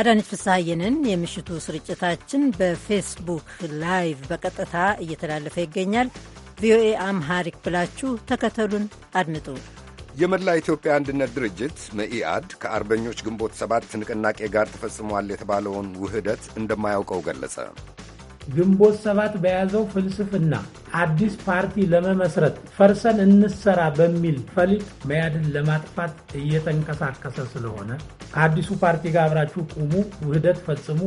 አዳነች ፍስሐየንን የምሽቱ ስርጭታችን በፌስቡክ ላይቭ በቀጥታ እየተላለፈ ይገኛል። ቪኦኤ አምሃሪክ ብላችሁ ተከተሉን አድምጡ። የመላ ኢትዮጵያ አንድነት ድርጅት መኢአድ ከአርበኞች ግንቦት ሰባት ንቅናቄ ጋር ተፈጽሟል የተባለውን ውህደት እንደማያውቀው ገለጸ። ግንቦት ሰባት በያዘው ፍልስፍና አዲስ ፓርቲ ለመመስረት ፈርሰን እንሰራ በሚል ፈሊጥ መያድን ለማጥፋት እየተንቀሳቀሰ ስለሆነ ከአዲሱ ፓርቲ ጋር አብራችሁ ቁሙ፣ ውህደት ፈጽሙ፣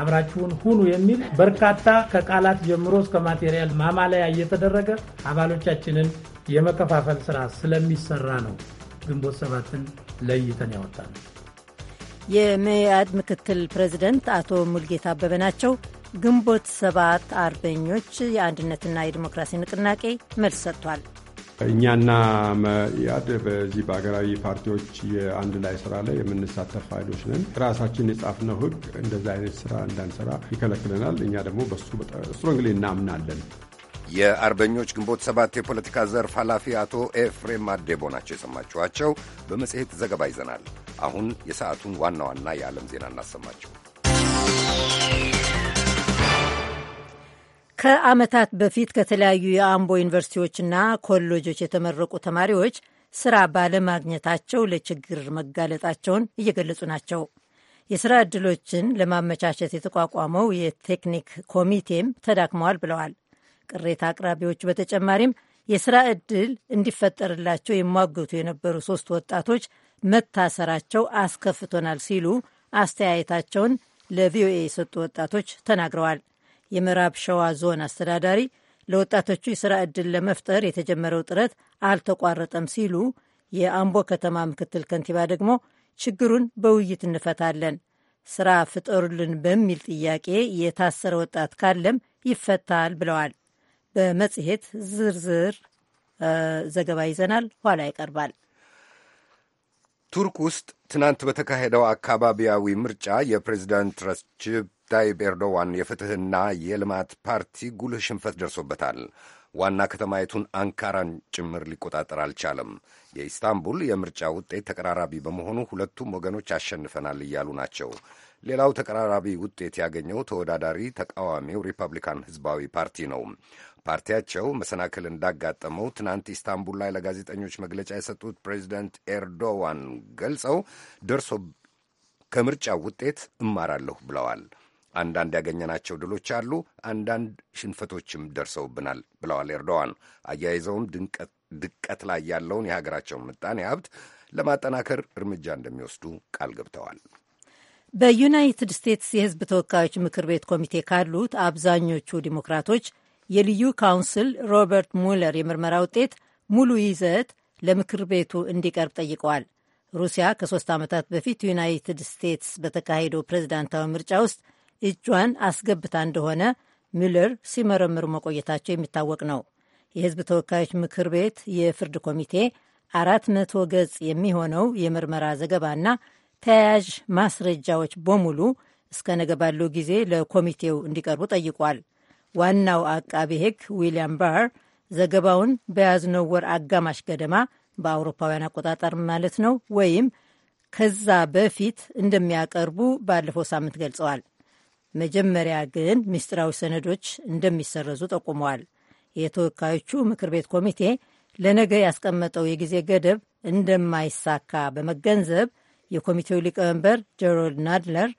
አብራችሁን ሁኑ የሚል በርካታ ከቃላት ጀምሮ እስከ ማቴሪያል ማማለያ እየተደረገ አባሎቻችንን የመከፋፈል ስራ ስለሚሰራ ነው ግንቦት ሰባትን ለይተን ያወጣል። የመያድ ምክትል ፕሬዚደንት አቶ ሙልጌታ አበበ ናቸው። ግንቦት ሰባት አርበኞች የአንድነትና የዲሞክራሲ ንቅናቄ መልስ ሰጥቷል። እኛና መያድ በዚህ በሀገራዊ ፓርቲዎች የአንድ ላይ ስራ ላይ የምንሳተፍ ኃይሎች ነን። ራሳችን የጻፍነው ሕግ እንደዚ አይነት ስራ እንዳንሰራ ይከለክለናል። እኛ ደግሞ በሱ ስትሮንግሊ እናምናለን። የአርበኞች ግንቦት ሰባት የፖለቲካ ዘርፍ ኃላፊ አቶ ኤፍሬም አዴቦ ናቸው የሰማችኋቸው። በመጽሔት ዘገባ ይዘናል። አሁን የሰዓቱን ዋና ዋና የዓለም ዜና እናሰማችሁ። ከዓመታት በፊት ከተለያዩ የአምቦ ዩኒቨርሲቲዎችና ኮሌጆች የተመረቁ ተማሪዎች ስራ ባለማግኘታቸው ለችግር መጋለጣቸውን እየገለጹ ናቸው። የስራ ዕድሎችን ለማመቻቸት የተቋቋመው የቴክኒክ ኮሚቴም ተዳክመዋል ብለዋል። ቅሬታ አቅራቢዎቹ በተጨማሪም የስራ ዕድል እንዲፈጠርላቸው የሟገቱ የነበሩ ሶስት ወጣቶች መታሰራቸው አስከፍቶናል ሲሉ አስተያየታቸውን ለቪኦኤ የሰጡ ወጣቶች ተናግረዋል። የምዕራብ ሸዋ ዞን አስተዳዳሪ ለወጣቶቹ የሥራ ዕድል ለመፍጠር የተጀመረው ጥረት አልተቋረጠም ሲሉ፣ የአምቦ ከተማ ምክትል ከንቲባ ደግሞ ችግሩን በውይይት እንፈታለን፣ ስራ ፍጠሩልን በሚል ጥያቄ የታሰረ ወጣት ካለም ይፈታል ብለዋል። በመጽሔት ዝርዝር ዘገባ ይዘናል፣ ኋላ ይቀርባል። ቱርክ ውስጥ ትናንት በተካሄደው አካባቢያዊ ምርጫ የፕሬዚዳንት ረስችብ ታይብ ኤርዶዋን የፍትህና የልማት ፓርቲ ጉልህ ሽንፈት ደርሶበታል። ዋና ከተማይቱን አንካራን ጭምር ሊቆጣጠር አልቻለም። የኢስታንቡል የምርጫ ውጤት ተቀራራቢ በመሆኑ ሁለቱም ወገኖች አሸንፈናል እያሉ ናቸው። ሌላው ተቀራራቢ ውጤት ያገኘው ተወዳዳሪ ተቃዋሚው ሪፐብሊካን ህዝባዊ ፓርቲ ነው። ፓርቲያቸው መሰናክል እንዳጋጠመው ትናንት ኢስታንቡል ላይ ለጋዜጠኞች መግለጫ የሰጡት ፕሬዚደንት ኤርዶዋን ገልጸው ደርሶ ከምርጫው ውጤት እማራለሁ ብለዋል። አንዳንድ ያገኘናቸው ድሎች አሉ፣ አንዳንድ ሽንፈቶችም ደርሰውብናል ብለዋል ኤርዶዋን። አያይዘውም ድቀት ላይ ያለውን የሀገራቸውን ምጣኔ ሀብት ለማጠናከር እርምጃ እንደሚወስዱ ቃል ገብተዋል። በዩናይትድ ስቴትስ የሕዝብ ተወካዮች ምክር ቤት ኮሚቴ ካሉት አብዛኞቹ ዲሞክራቶች የልዩ ካውንስል ሮበርት ሙለር የምርመራ ውጤት ሙሉ ይዘት ለምክር ቤቱ እንዲቀርብ ጠይቀዋል። ሩሲያ ከሶስት ዓመታት በፊት ዩናይትድ ስቴትስ በተካሄደው ፕሬዝዳንታዊ ምርጫ ውስጥ እጇን አስገብታ እንደሆነ ሚለር ሲመረምሩ መቆየታቸው የሚታወቅ ነው። የህዝብ ተወካዮች ምክር ቤት የፍርድ ኮሚቴ አራት መቶ ገጽ የሚሆነው የምርመራ ዘገባና ተያያዥ ማስረጃዎች በሙሉ እስከ ነገ ባለው ጊዜ ለኮሚቴው እንዲቀርቡ ጠይቋል። ዋናው አቃቤ ህግ ዊልያም ባር ዘገባውን በያዝነው ወር አጋማሽ ገደማ በአውሮፓውያን አቆጣጠር ማለት ነው ወይም ከዛ በፊት እንደሚያቀርቡ ባለፈው ሳምንት ገልጸዋል። መጀመሪያ ግን ምስጢራዊ ሰነዶች እንደሚሰረዙ ጠቁመዋል። የተወካዮቹ ምክር ቤት ኮሚቴ ለነገ ያስቀመጠው የጊዜ ገደብ እንደማይሳካ በመገንዘብ የኮሚቴው ሊቀመንበር ጀሮልድ ናድለር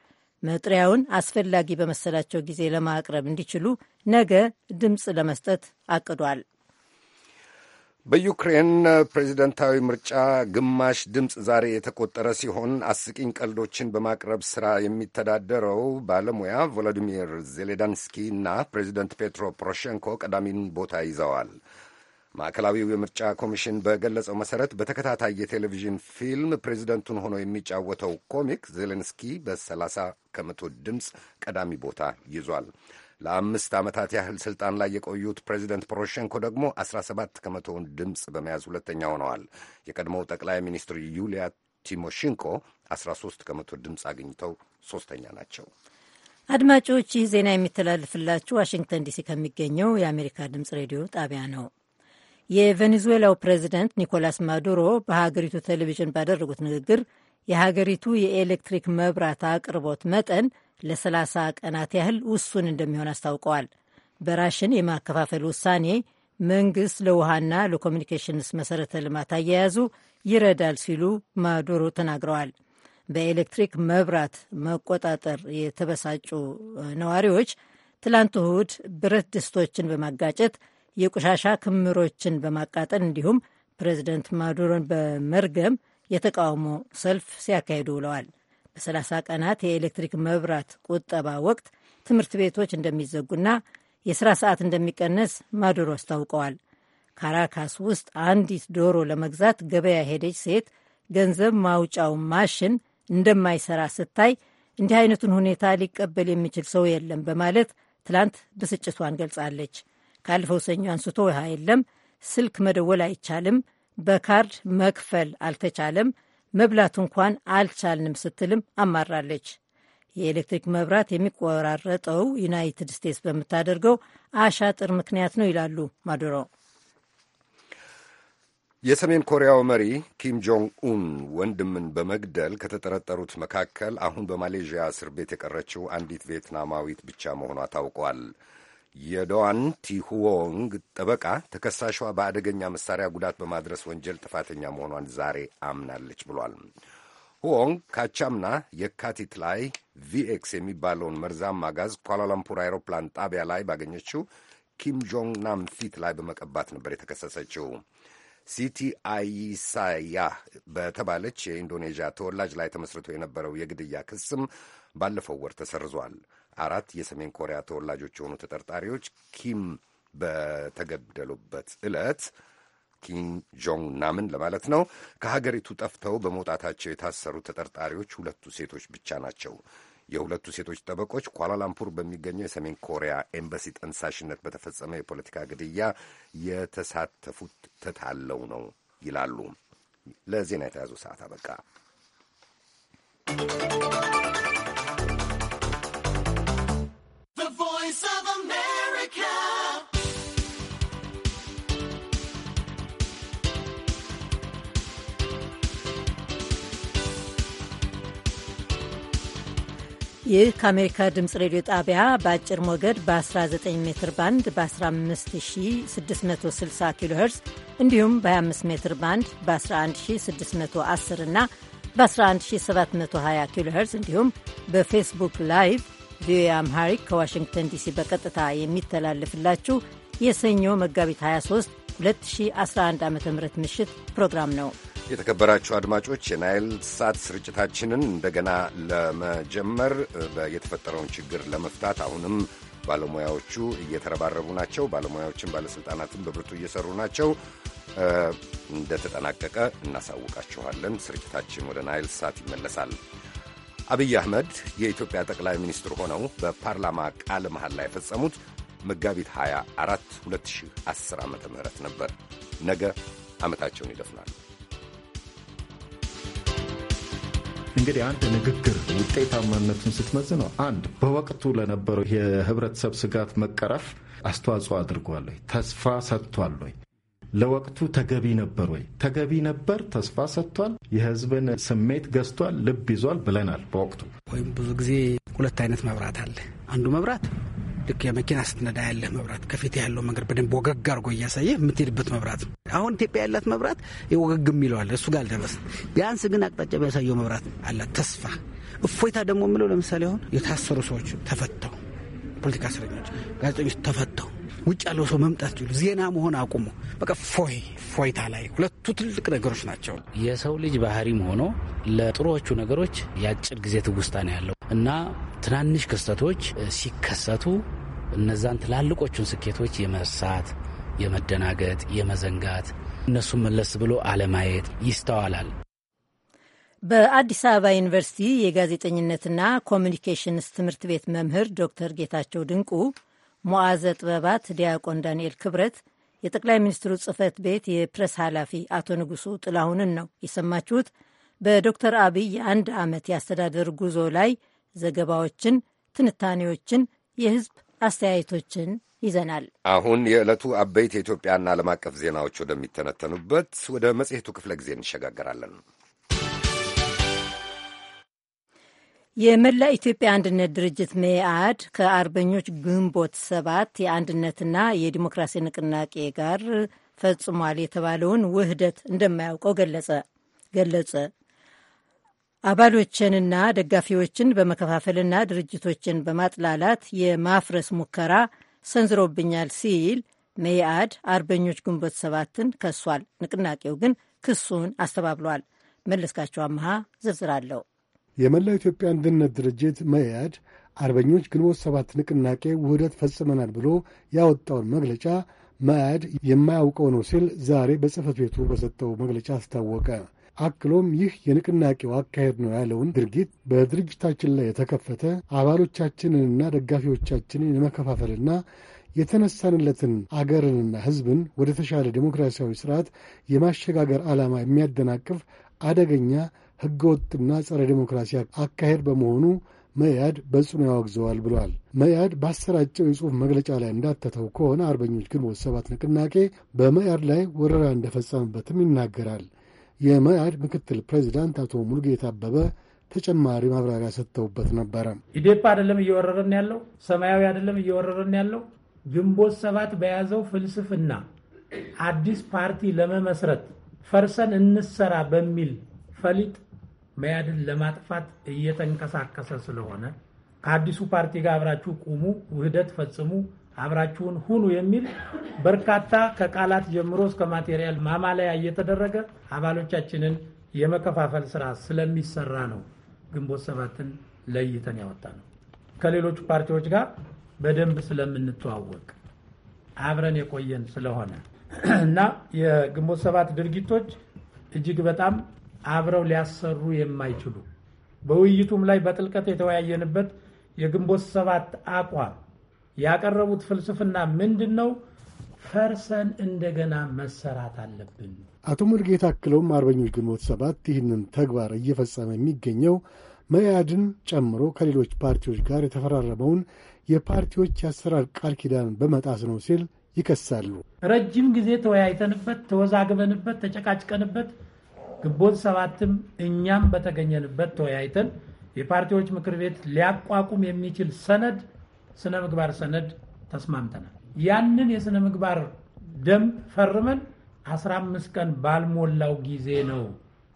መጥሪያውን አስፈላጊ በመሰላቸው ጊዜ ለማቅረብ እንዲችሉ ነገ ድምፅ ለመስጠት አቅዷል። በዩክሬን ፕሬዚደንታዊ ምርጫ ግማሽ ድምፅ ዛሬ የተቆጠረ ሲሆን አስቂኝ ቀልዶችን በማቅረብ ሥራ የሚተዳደረው ባለሙያ ቮሎዲሚር ዜሌዳንስኪ እና ፕሬዚደንት ፔትሮ ፖሮሼንኮ ቀዳሚን ቦታ ይዘዋል። ማዕከላዊው የምርጫ ኮሚሽን በገለጸው መሠረት በተከታታይ የቴሌቪዥን ፊልም ፕሬዚደንቱን ሆኖ የሚጫወተው ኮሚክ ዜሌንስኪ በ30 ከመቶ ድምፅ ቀዳሚ ቦታ ይዟል። ለአምስት ዓመታት ያህል ስልጣን ላይ የቆዩት ፕሬዚደንት ፖሮሼንኮ ደግሞ 17 ከመቶውን ድምፅ በመያዝ ሁለተኛ ሆነዋል። የቀድሞው ጠቅላይ ሚኒስትር ዩሊያ ቲሞሼንኮ 13 ከመቶ ድምፅ አግኝተው ሶስተኛ ናቸው። አድማጮች፣ ይህ ዜና የሚተላልፍላችሁ ዋሽንግተን ዲሲ ከሚገኘው የአሜሪካ ድምፅ ሬዲዮ ጣቢያ ነው። የቬኔዙዌላው ፕሬዚደንት ኒኮላስ ማዱሮ በሀገሪቱ ቴሌቪዥን ባደረጉት ንግግር የሀገሪቱ የኤሌክትሪክ መብራት አቅርቦት መጠን ለ30 ቀናት ያህል ውሱን እንደሚሆን አስታውቀዋል። በራሽን የማከፋፈል ውሳኔ መንግሥት ለውሃና ለኮሚኒኬሽንስ መሠረተ ልማት አያያዙ ይረዳል ሲሉ ማዱሮ ተናግረዋል። በኤሌክትሪክ መብራት መቆጣጠር የተበሳጩ ነዋሪዎች ትላንት እሁድ ብረት ድስቶችን በማጋጨት የቆሻሻ ክምሮችን በማቃጠል እንዲሁም ፕሬዚደንት ማዱሮን በመርገም የተቃውሞ ሰልፍ ሲያካሂዱ ውለዋል። በ30 ቀናት የኤሌክትሪክ መብራት ቁጠባ ወቅት ትምህርት ቤቶች እንደሚዘጉና የሥራ ሰዓት እንደሚቀነስ ማዱሮ አስታውቀዋል። ካራካስ ውስጥ አንዲት ዶሮ ለመግዛት ገበያ ሄደች ሴት ገንዘብ ማውጫው ማሽን እንደማይሰራ ስታይ እንዲህ አይነቱን ሁኔታ ሊቀበል የሚችል ሰው የለም በማለት ትላንት ብስጭቷን ገልጻለች። ካለፈው ሰኞ አንስቶ ውሃ የለም፣ ስልክ መደወል አይቻልም፣ በካርድ መክፈል አልተቻለም፣ መብላት እንኳን አልቻልንም ስትልም አማራለች። የኤሌክትሪክ መብራት የሚቆራረጠው ዩናይትድ ስቴትስ በምታደርገው አሻጥር ምክንያት ነው ይላሉ ማዱሮ። የሰሜን ኮሪያው መሪ ኪም ጆንግ ኡን ወንድምን በመግደል ከተጠረጠሩት መካከል አሁን በማሌዥያ እስር ቤት የቀረችው አንዲት ቪየትናማዊት ብቻ መሆኗ ታውቋል። የዶዋን ቲሁዎንግ ጠበቃ ተከሳሿ በአደገኛ መሳሪያ ጉዳት በማድረስ ወንጀል ጥፋተኛ መሆኗን ዛሬ አምናለች ብሏል። ሁዎንግ ካቻምና የካቲት ላይ ቪኤክስ የሚባለውን መርዛማ ጋዝ ኳላላምፑር አይሮፕላን ጣቢያ ላይ ባገኘችው ኪም ጆንግ ናም ፊት ላይ በመቀባት ነበር የተከሰሰችው። ሲቲ አይሳያ በተባለች የኢንዶኔዥያ ተወላጅ ላይ ተመስርቶ የነበረው የግድያ ክስም ባለፈው ወር ተሰርዟል። አራት የሰሜን ኮሪያ ተወላጆች የሆኑ ተጠርጣሪዎች ኪም በተገደሉበት ዕለት ኪም ጆንግ ናምን ለማለት ነው። ከሀገሪቱ ጠፍተው በመውጣታቸው የታሰሩ ተጠርጣሪዎች ሁለቱ ሴቶች ብቻ ናቸው። የሁለቱ ሴቶች ጠበቆች ኳላላምፑር በሚገኘው የሰሜን ኮሪያ ኤምባሲ ጠንሳሽነት በተፈጸመ የፖለቲካ ግድያ የተሳተፉት ተታለው ነው ይላሉ። ለዜና የተያዘው ሰዓት አበቃ። ይህ ከአሜሪካ ድምፅ ሬዲዮ ጣቢያ በአጭር ሞገድ በ19 ሜትር ባንድ በ15660 ኪሎ ሄርዝ እንዲሁም በ25 ሜትር ባንድ በ11610 እና በ11720 ኪሎ ሄርዝ እንዲሁም በፌስቡክ ላይቭ ቪኦኤ አምሃሪክ ከዋሽንግተን ዲሲ በቀጥታ የሚተላለፍላችሁ የሰኞ መጋቢት 23 2011 ዓ ም ምሽት ፕሮግራም ነው። የተከበራችሁ አድማጮች የናይል ሳት ስርጭታችንን እንደገና ለመጀመር የተፈጠረውን ችግር ለመፍታት አሁንም ባለሙያዎቹ እየተረባረቡ ናቸው። ባለሙያዎችን፣ ባለሥልጣናትን በብርቱ እየሰሩ ናቸው። እንደተጠናቀቀ እናሳውቃችኋለን። ስርጭታችን ወደ ናይል ሳት ይመለሳል። አብይ አህመድ የኢትዮጵያ ጠቅላይ ሚኒስትር ሆነው በፓርላማ ቃለ ላይ የፈጸሙት መጋቢት 24 2010 ዓ ም ነበር። ነገ ዓመታቸውን ይደፍናል። እንግዲህ አንድ ንግግር ውጤታማነቱን ስትመዝነው አንድ በወቅቱ ለነበረው የህብረተሰብ ስጋት መቀረፍ አስተዋጽኦ አድርጓል ወይ? ተስፋ ሰጥቷል ወይ? ለወቅቱ ተገቢ ነበር ወይ? ተገቢ ነበር፣ ተስፋ ሰጥቷል፣ የህዝብን ስሜት ገዝቷል፣ ልብ ይዟል ብለናል። በወቅቱ ወይም ብዙ ጊዜ ሁለት አይነት መብራት አለ። አንዱ መብራት ልክ የመኪና ስትነዳ ያለህ መብራት ከፊት ያለው መንገድ በደንብ ወገግ አድርጎ እያሳየ የምትሄድበት መብራት ነው። አሁን ኢትዮጵያ ያላት መብራት የወገግ የሚለዋል እሱ ጋር አልደረስም። ቢያንስ ግን አቅጣጫ የሚያሳየው መብራት አላት ተስፋ እፎይታ ደግሞ የምለው ለምሳሌ አሁን የታሰሩ ሰዎች ተፈተው፣ ፖለቲካ እስረኞች፣ ጋዜጠኞች ተፈተው ውጭ ያለው ሰው መምጣት ችሉ ዜና መሆን አቁሙ። በቃ ፎይ ፎይታ ላይ ሁለቱ ትልቅ ነገሮች ናቸው። የሰው ልጅ ባህሪም ሆኖ ለጥሩዎቹ ነገሮች የአጭር ጊዜ ትውስታ ነው ያለው እና ትናንሽ ክስተቶች ሲከሰቱ እነዛን ትላልቆቹን ስኬቶች የመርሳት የመደናገጥ፣ የመዘንጋት እነሱን መለስ ብሎ አለማየት ይስተዋላል። በአዲስ አበባ ዩኒቨርሲቲ የጋዜጠኝነትና ኮሚኒኬሽንስ ትምህርት ቤት መምህር ዶክተር ጌታቸው ድንቁ፣ ሞዓዘ ጥበባት ዲያቆን ዳንኤል ክብረት፣ የጠቅላይ ሚኒስትሩ ጽህፈት ቤት የፕሬስ ኃላፊ አቶ ንጉሱ ጥላሁንን ነው የሰማችሁት። በዶክተር አብይ የአንድ ዓመት የአስተዳደር ጉዞ ላይ ዘገባዎችን፣ ትንታኔዎችን፣ የህዝብ አስተያየቶችን ይዘናል። አሁን የዕለቱ አበይት የኢትዮጵያና ዓለም አቀፍ ዜናዎች ወደሚተነተኑበት ወደ መጽሔቱ ክፍለ ጊዜ እንሸጋገራለን። የመላ ኢትዮጵያ አንድነት ድርጅት መኢአድ ከአርበኞች ግንቦት ሰባት የአንድነትና የዲሞክራሲ ንቅናቄ ጋር ፈጽሟል የተባለውን ውህደት እንደማያውቀው ገለጸ ገለጸ አባሎችንና ደጋፊዎችን በመከፋፈልና ድርጅቶችን በማጥላላት የማፍረስ ሙከራ ሰንዝሮብኛል ሲል መኢአድ አርበኞች ግንቦት ሰባትን ከሷል። ንቅናቄው ግን ክሱን አስተባብሏል። መለስካቸው አመሃ ዝርዝር አለው። የመላው ኢትዮጵያ አንድነት ድርጅት መኢአድ አርበኞች ግንቦት ሰባት ንቅናቄ ውህደት ፈጽመናል ብሎ ያወጣውን መግለጫ መኢአድ የማያውቀው ነው ሲል ዛሬ በጽህፈት ቤቱ በሰጠው መግለጫ አስታወቀ። አክሎም ይህ የንቅናቄው አካሄድ ነው ያለውን ድርጊት በድርጅታችን ላይ የተከፈተ አባሎቻችንንና ደጋፊዎቻችንን የመከፋፈልና የተነሳንለትን አገርንና ሕዝብን ወደ ተሻለ ዴሞክራሲያዊ ስርዓት የማሸጋገር ዓላማ የሚያደናቅፍ አደገኛ ሕገወጥና ጸረ ዴሞክራሲ አካሄድ በመሆኑ መያድ በጽኑ ያወግዘዋል ብሏል። መያድ ባሰራጨው የጽሑፍ መግለጫ ላይ እንዳተተው ከሆነ አርበኞች ግንቦት ሰባት ንቅናቄ በመያድ ላይ ወረራ እንደፈጸመበትም ይናገራል። የመያድ ምክትል ፕሬዚዳንት አቶ ሙሉጌታ አበበ ተጨማሪ ማብራሪያ ሰጥተውበት ነበረ። ኢዴፓ አይደለም እየወረረን ያለው ሰማያዊ አይደለም እየወረረን ያለው ግንቦት ሰባት በያዘው ፍልስፍና አዲስ ፓርቲ ለመመስረት ፈርሰን እንሰራ በሚል ፈሊጥ መያድን ለማጥፋት እየተንቀሳቀሰ ስለሆነ ከአዲሱ ፓርቲ ጋር አብራችሁ ቁሙ፣ ውህደት ፈጽሙ፣ አብራችሁን ሁኑ የሚል በርካታ ከቃላት ጀምሮ እስከ ማቴሪያል ማማለያ እየተደረገ አባሎቻችንን የመከፋፈል ስራ ስለሚሰራ ነው ግንቦት ሰባትን ለይተን ያወጣ ነው። ከሌሎች ፓርቲዎች ጋር በደንብ ስለምንተዋወቅ አብረን የቆየን ስለሆነ እና የግንቦት ሰባት ድርጊቶች እጅግ በጣም አብረው ሊያሰሩ የማይችሉ በውይይቱም ላይ በጥልቀት የተወያየንበት የግንቦት ሰባት አቋም ያቀረቡት ፍልስፍና ምንድን ነው? ፈርሰን እንደገና መሰራት አለብን። አቶ ሙልጌታ አክለውም አርበኞች ግንቦት ሰባት ይህንን ተግባር እየፈጸመ የሚገኘው መያድን ጨምሮ ከሌሎች ፓርቲዎች ጋር የተፈራረመውን የፓርቲዎች የአሰራር ቃል ኪዳን በመጣስ ነው ሲል ይከሳሉ። ረጅም ጊዜ ተወያይተንበት፣ ተወዛግበንበት፣ ተጨቃጭቀንበት ግንቦት ሰባትም እኛም በተገኘንበት ተወያይተን የፓርቲዎች ምክር ቤት ሊያቋቁም የሚችል ሰነድ ስነ ምግባር ሰነድ ተስማምተናል። ያንን የስነ ምግባር ደንብ ፈርመን 15 ቀን ባልሞላው ጊዜ ነው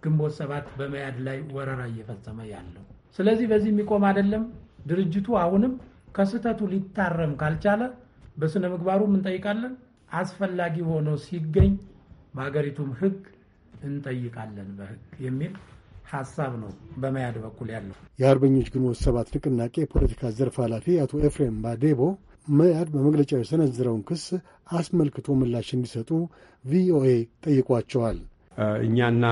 ግንቦት ሰባት በመያድ ላይ ወረራ እየፈጸመ ያለው። ስለዚህ በዚህ የሚቆም አይደለም። ድርጅቱ አሁንም ከስህተቱ ሊታረም ካልቻለ በስነ ምግባሩም እንጠይቃለን፣ አስፈላጊ ሆኖ ሲገኝ በሀገሪቱም ሕግ እንጠይቃለን በሕግ የሚል ሀሳብ ነው በመያድ በኩል ያለው። የአርበኞች ግንቦት ሰባት ንቅናቄ የፖለቲካ ዘርፍ ኃላፊ አቶ ኤፍሬም ባዴቦ መያድ በመግለጫው የሰነዝረውን ክስ አስመልክቶ ምላሽ እንዲሰጡ ቪኦኤ ጠይቋቸዋል። እኛና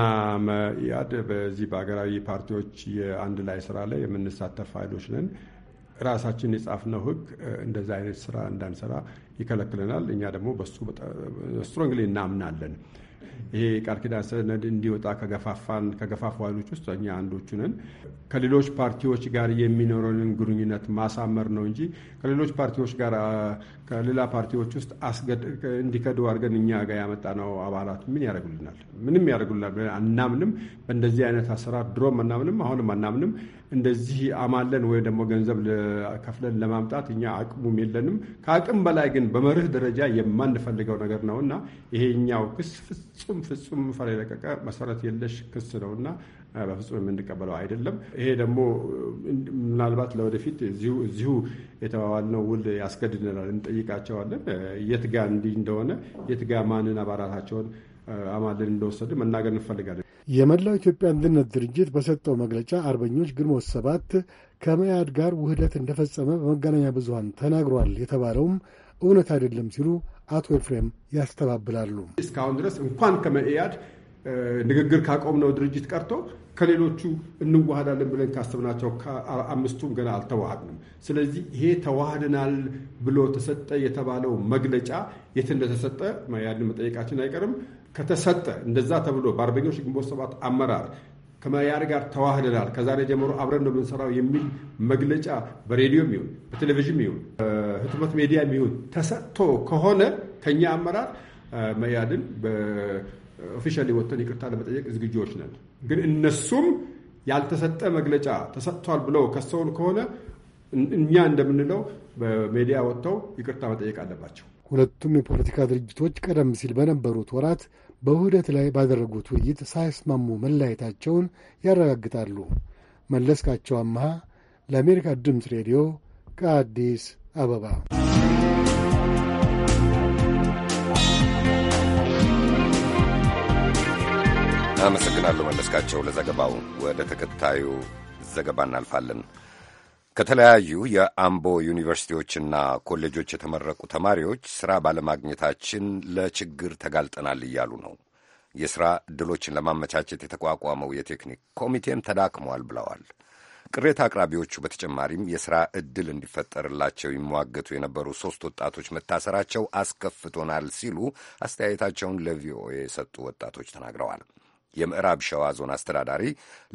መያድ በዚህ በሀገራዊ ፓርቲዎች የአንድ ላይ ስራ ላይ የምንሳተፍ ኃይሎች ነን። ራሳችን የጻፍነው ህግ እንደዚህ አይነት ስራ እንዳንሰራ ይከለክለናል። እኛ ደግሞ በሱ ስትሮንግሊ እናምናለን። ይሄ ቃል ኪዳን ሰነድ እንዲወጣ ከገፋፋን ከገፋፋኖች ውስጥ እኛ አንዶቹ ነን። ከሌሎች ፓርቲዎች ጋር የሚኖረንን ግንኙነት ማሳመር ነው እንጂ ከሌሎች ፓርቲዎች ጋር ከሌላ ፓርቲዎች ውስጥ እንዲከዱ አድርገን እኛ ጋር ያመጣነው አባላት ምን ያደርጉልናል? ምንም ያደርጉልናል አናምንም። በእንደዚህ አይነት አሰራር ድሮም አናምንም፣ አሁንም አናምንም። እንደዚህ አማለን ወይም ደግሞ ገንዘብ ከፍለን ለማምጣት እኛ አቅሙም የለንም። ከአቅም በላይ ግን በመርህ ደረጃ የማንፈልገው ነገር ነው እና ይሄኛው ክስ ፍጹም ፍጹም ፈር የለቀቀ መሰረት የለሽ ክስ ነው እና በፍጹም የምንቀበለው አይደለም። ይሄ ደግሞ ምናልባት ለወደፊት እዚሁ የተባባልነው ውል ያስገድድናል። እንጠይቃቸዋለን የትጋ እንዲህ እንደሆነ የትጋ ማንን አባላታቸውን አማለን እንደወሰድ መናገር እንፈልጋለን። የመላው ኢትዮጵያ አንድነት ድርጅት በሰጠው መግለጫ አርበኞች ግንቦት ሰባት ከመያድ ጋር ውህደት እንደፈጸመ በመገናኛ ብዙሀን ተናግሯል የተባለውም እውነት አይደለም ሲሉ አቶ ኤፍሬም ያስተባብላሉ። እስካሁን ድረስ እንኳን ከመኢአድ ንግግር ካቆምነው ድርጅት ቀርቶ ከሌሎቹ እንዋሃዳለን ብለን ካሰብናቸው አምስቱም ገና አልተዋሃድንም። ስለዚህ ይሄ ተዋህድናል ብሎ ተሰጠ የተባለው መግለጫ የት እንደተሰጠ መያድን መጠየቃችን አይቀርም። ከተሰጠ እንደዛ ተብሎ በአርበኞች ግንቦት ሰባት አመራር ከመያር ጋር ተዋህደናል፣ ከዛሬ ጀምሮ አብረን ነው የምንሰራው የሚል መግለጫ በሬዲዮም ይሁን በቴሌቪዥን ይሁን ህትመት ሚዲያም ይሁን ተሰጥቶ ከሆነ ከኛ አመራር መያድን በኦፊሻሊ ወጥተን ይቅርታ ለመጠየቅ ዝግጁዎች ነን። ግን እነሱም ያልተሰጠ መግለጫ ተሰጥቷል ብለው ከሰውን ከሆነ እኛ እንደምንለው በሜዲያ ወጥተው ይቅርታ መጠየቅ አለባቸው። ሁለቱም የፖለቲካ ድርጅቶች ቀደም ሲል በነበሩት ወራት በውህደት ላይ ባደረጉት ውይይት ሳይስማሙ መለያየታቸውን ያረጋግጣሉ። መለስካቸው አመሃ ለአሜሪካ ድምፅ ሬዲዮ ከአዲስ አበባ። አመሰግናለሁ መለስካቸው ለዘገባው። ወደ ተከታዩ ዘገባ እናልፋለን። ከተለያዩ የአምቦ ዩኒቨርሲቲዎችና ኮሌጆች የተመረቁ ተማሪዎች ሥራ ባለማግኘታችን ለችግር ተጋልጠናል እያሉ ነው። የሥራ ዕድሎችን ለማመቻቸት የተቋቋመው የቴክኒክ ኮሚቴም ተዳክሟል ብለዋል። ቅሬታ አቅራቢዎቹ በተጨማሪም የሥራ ዕድል እንዲፈጠርላቸው ይሟገቱ የነበሩ ሦስት ወጣቶች መታሰራቸው አስከፍቶናል ሲሉ አስተያየታቸውን ለቪኦኤ የሰጡ ወጣቶች ተናግረዋል። የምዕራብ ሸዋ ዞን አስተዳዳሪ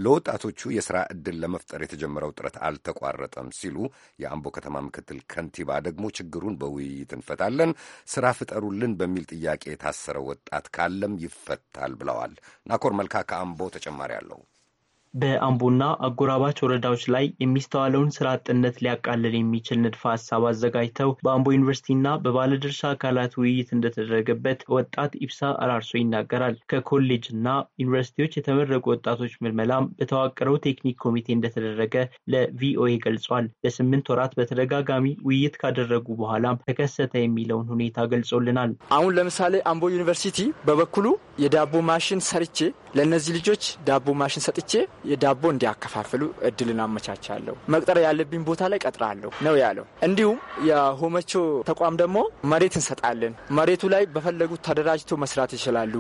ለወጣቶቹ የሥራ ዕድል ለመፍጠር የተጀመረው ጥረት አልተቋረጠም ሲሉ፣ የአምቦ ከተማ ምክትል ከንቲባ ደግሞ ችግሩን በውይይት እንፈታለን፣ ሥራ ፍጠሩልን በሚል ጥያቄ የታሰረ ወጣት ካለም ይፈታል ብለዋል። ናኮር መልካ ከአምቦ ተጨማሪ አለው። በአምቦና አጎራባች ወረዳዎች ላይ የሚስተዋለውን ስራ አጥነት ሊያቃልል የሚችል ንድፈ ሀሳብ አዘጋጅተው በአምቦ ዩኒቨርሲቲና በባለድርሻ አካላት ውይይት እንደተደረገበት ወጣት ኢብሳ አራርሶ ይናገራል። ከኮሌጅ ና ዩኒቨርሲቲዎች የተመረቁ ወጣቶች ምልመላም በተዋቀረው ቴክኒክ ኮሚቴ እንደተደረገ ለቪኦኤ ገልጿል። ለስምንት ወራት በተደጋጋሚ ውይይት ካደረጉ በኋላም ተከሰተ የሚለውን ሁኔታ ገልጾልናል። አሁን ለምሳሌ አምቦ ዩኒቨርሲቲ በበኩሉ የዳቦ ማሽን ሰርቼ ለእነዚህ ልጆች ዳቦ ማሽን ሰጥቼ የዳቦ እንዲያከፋፍሉ እድልን አመቻቻለሁ። መቅጠር ያለብኝ ቦታ ላይ ቀጥራለሁ ነው ያለው። እንዲሁም የሆመቾ ተቋም ደግሞ መሬት እንሰጣለን። መሬቱ ላይ በፈለጉት ተደራጅቶ መስራት ይችላሉ።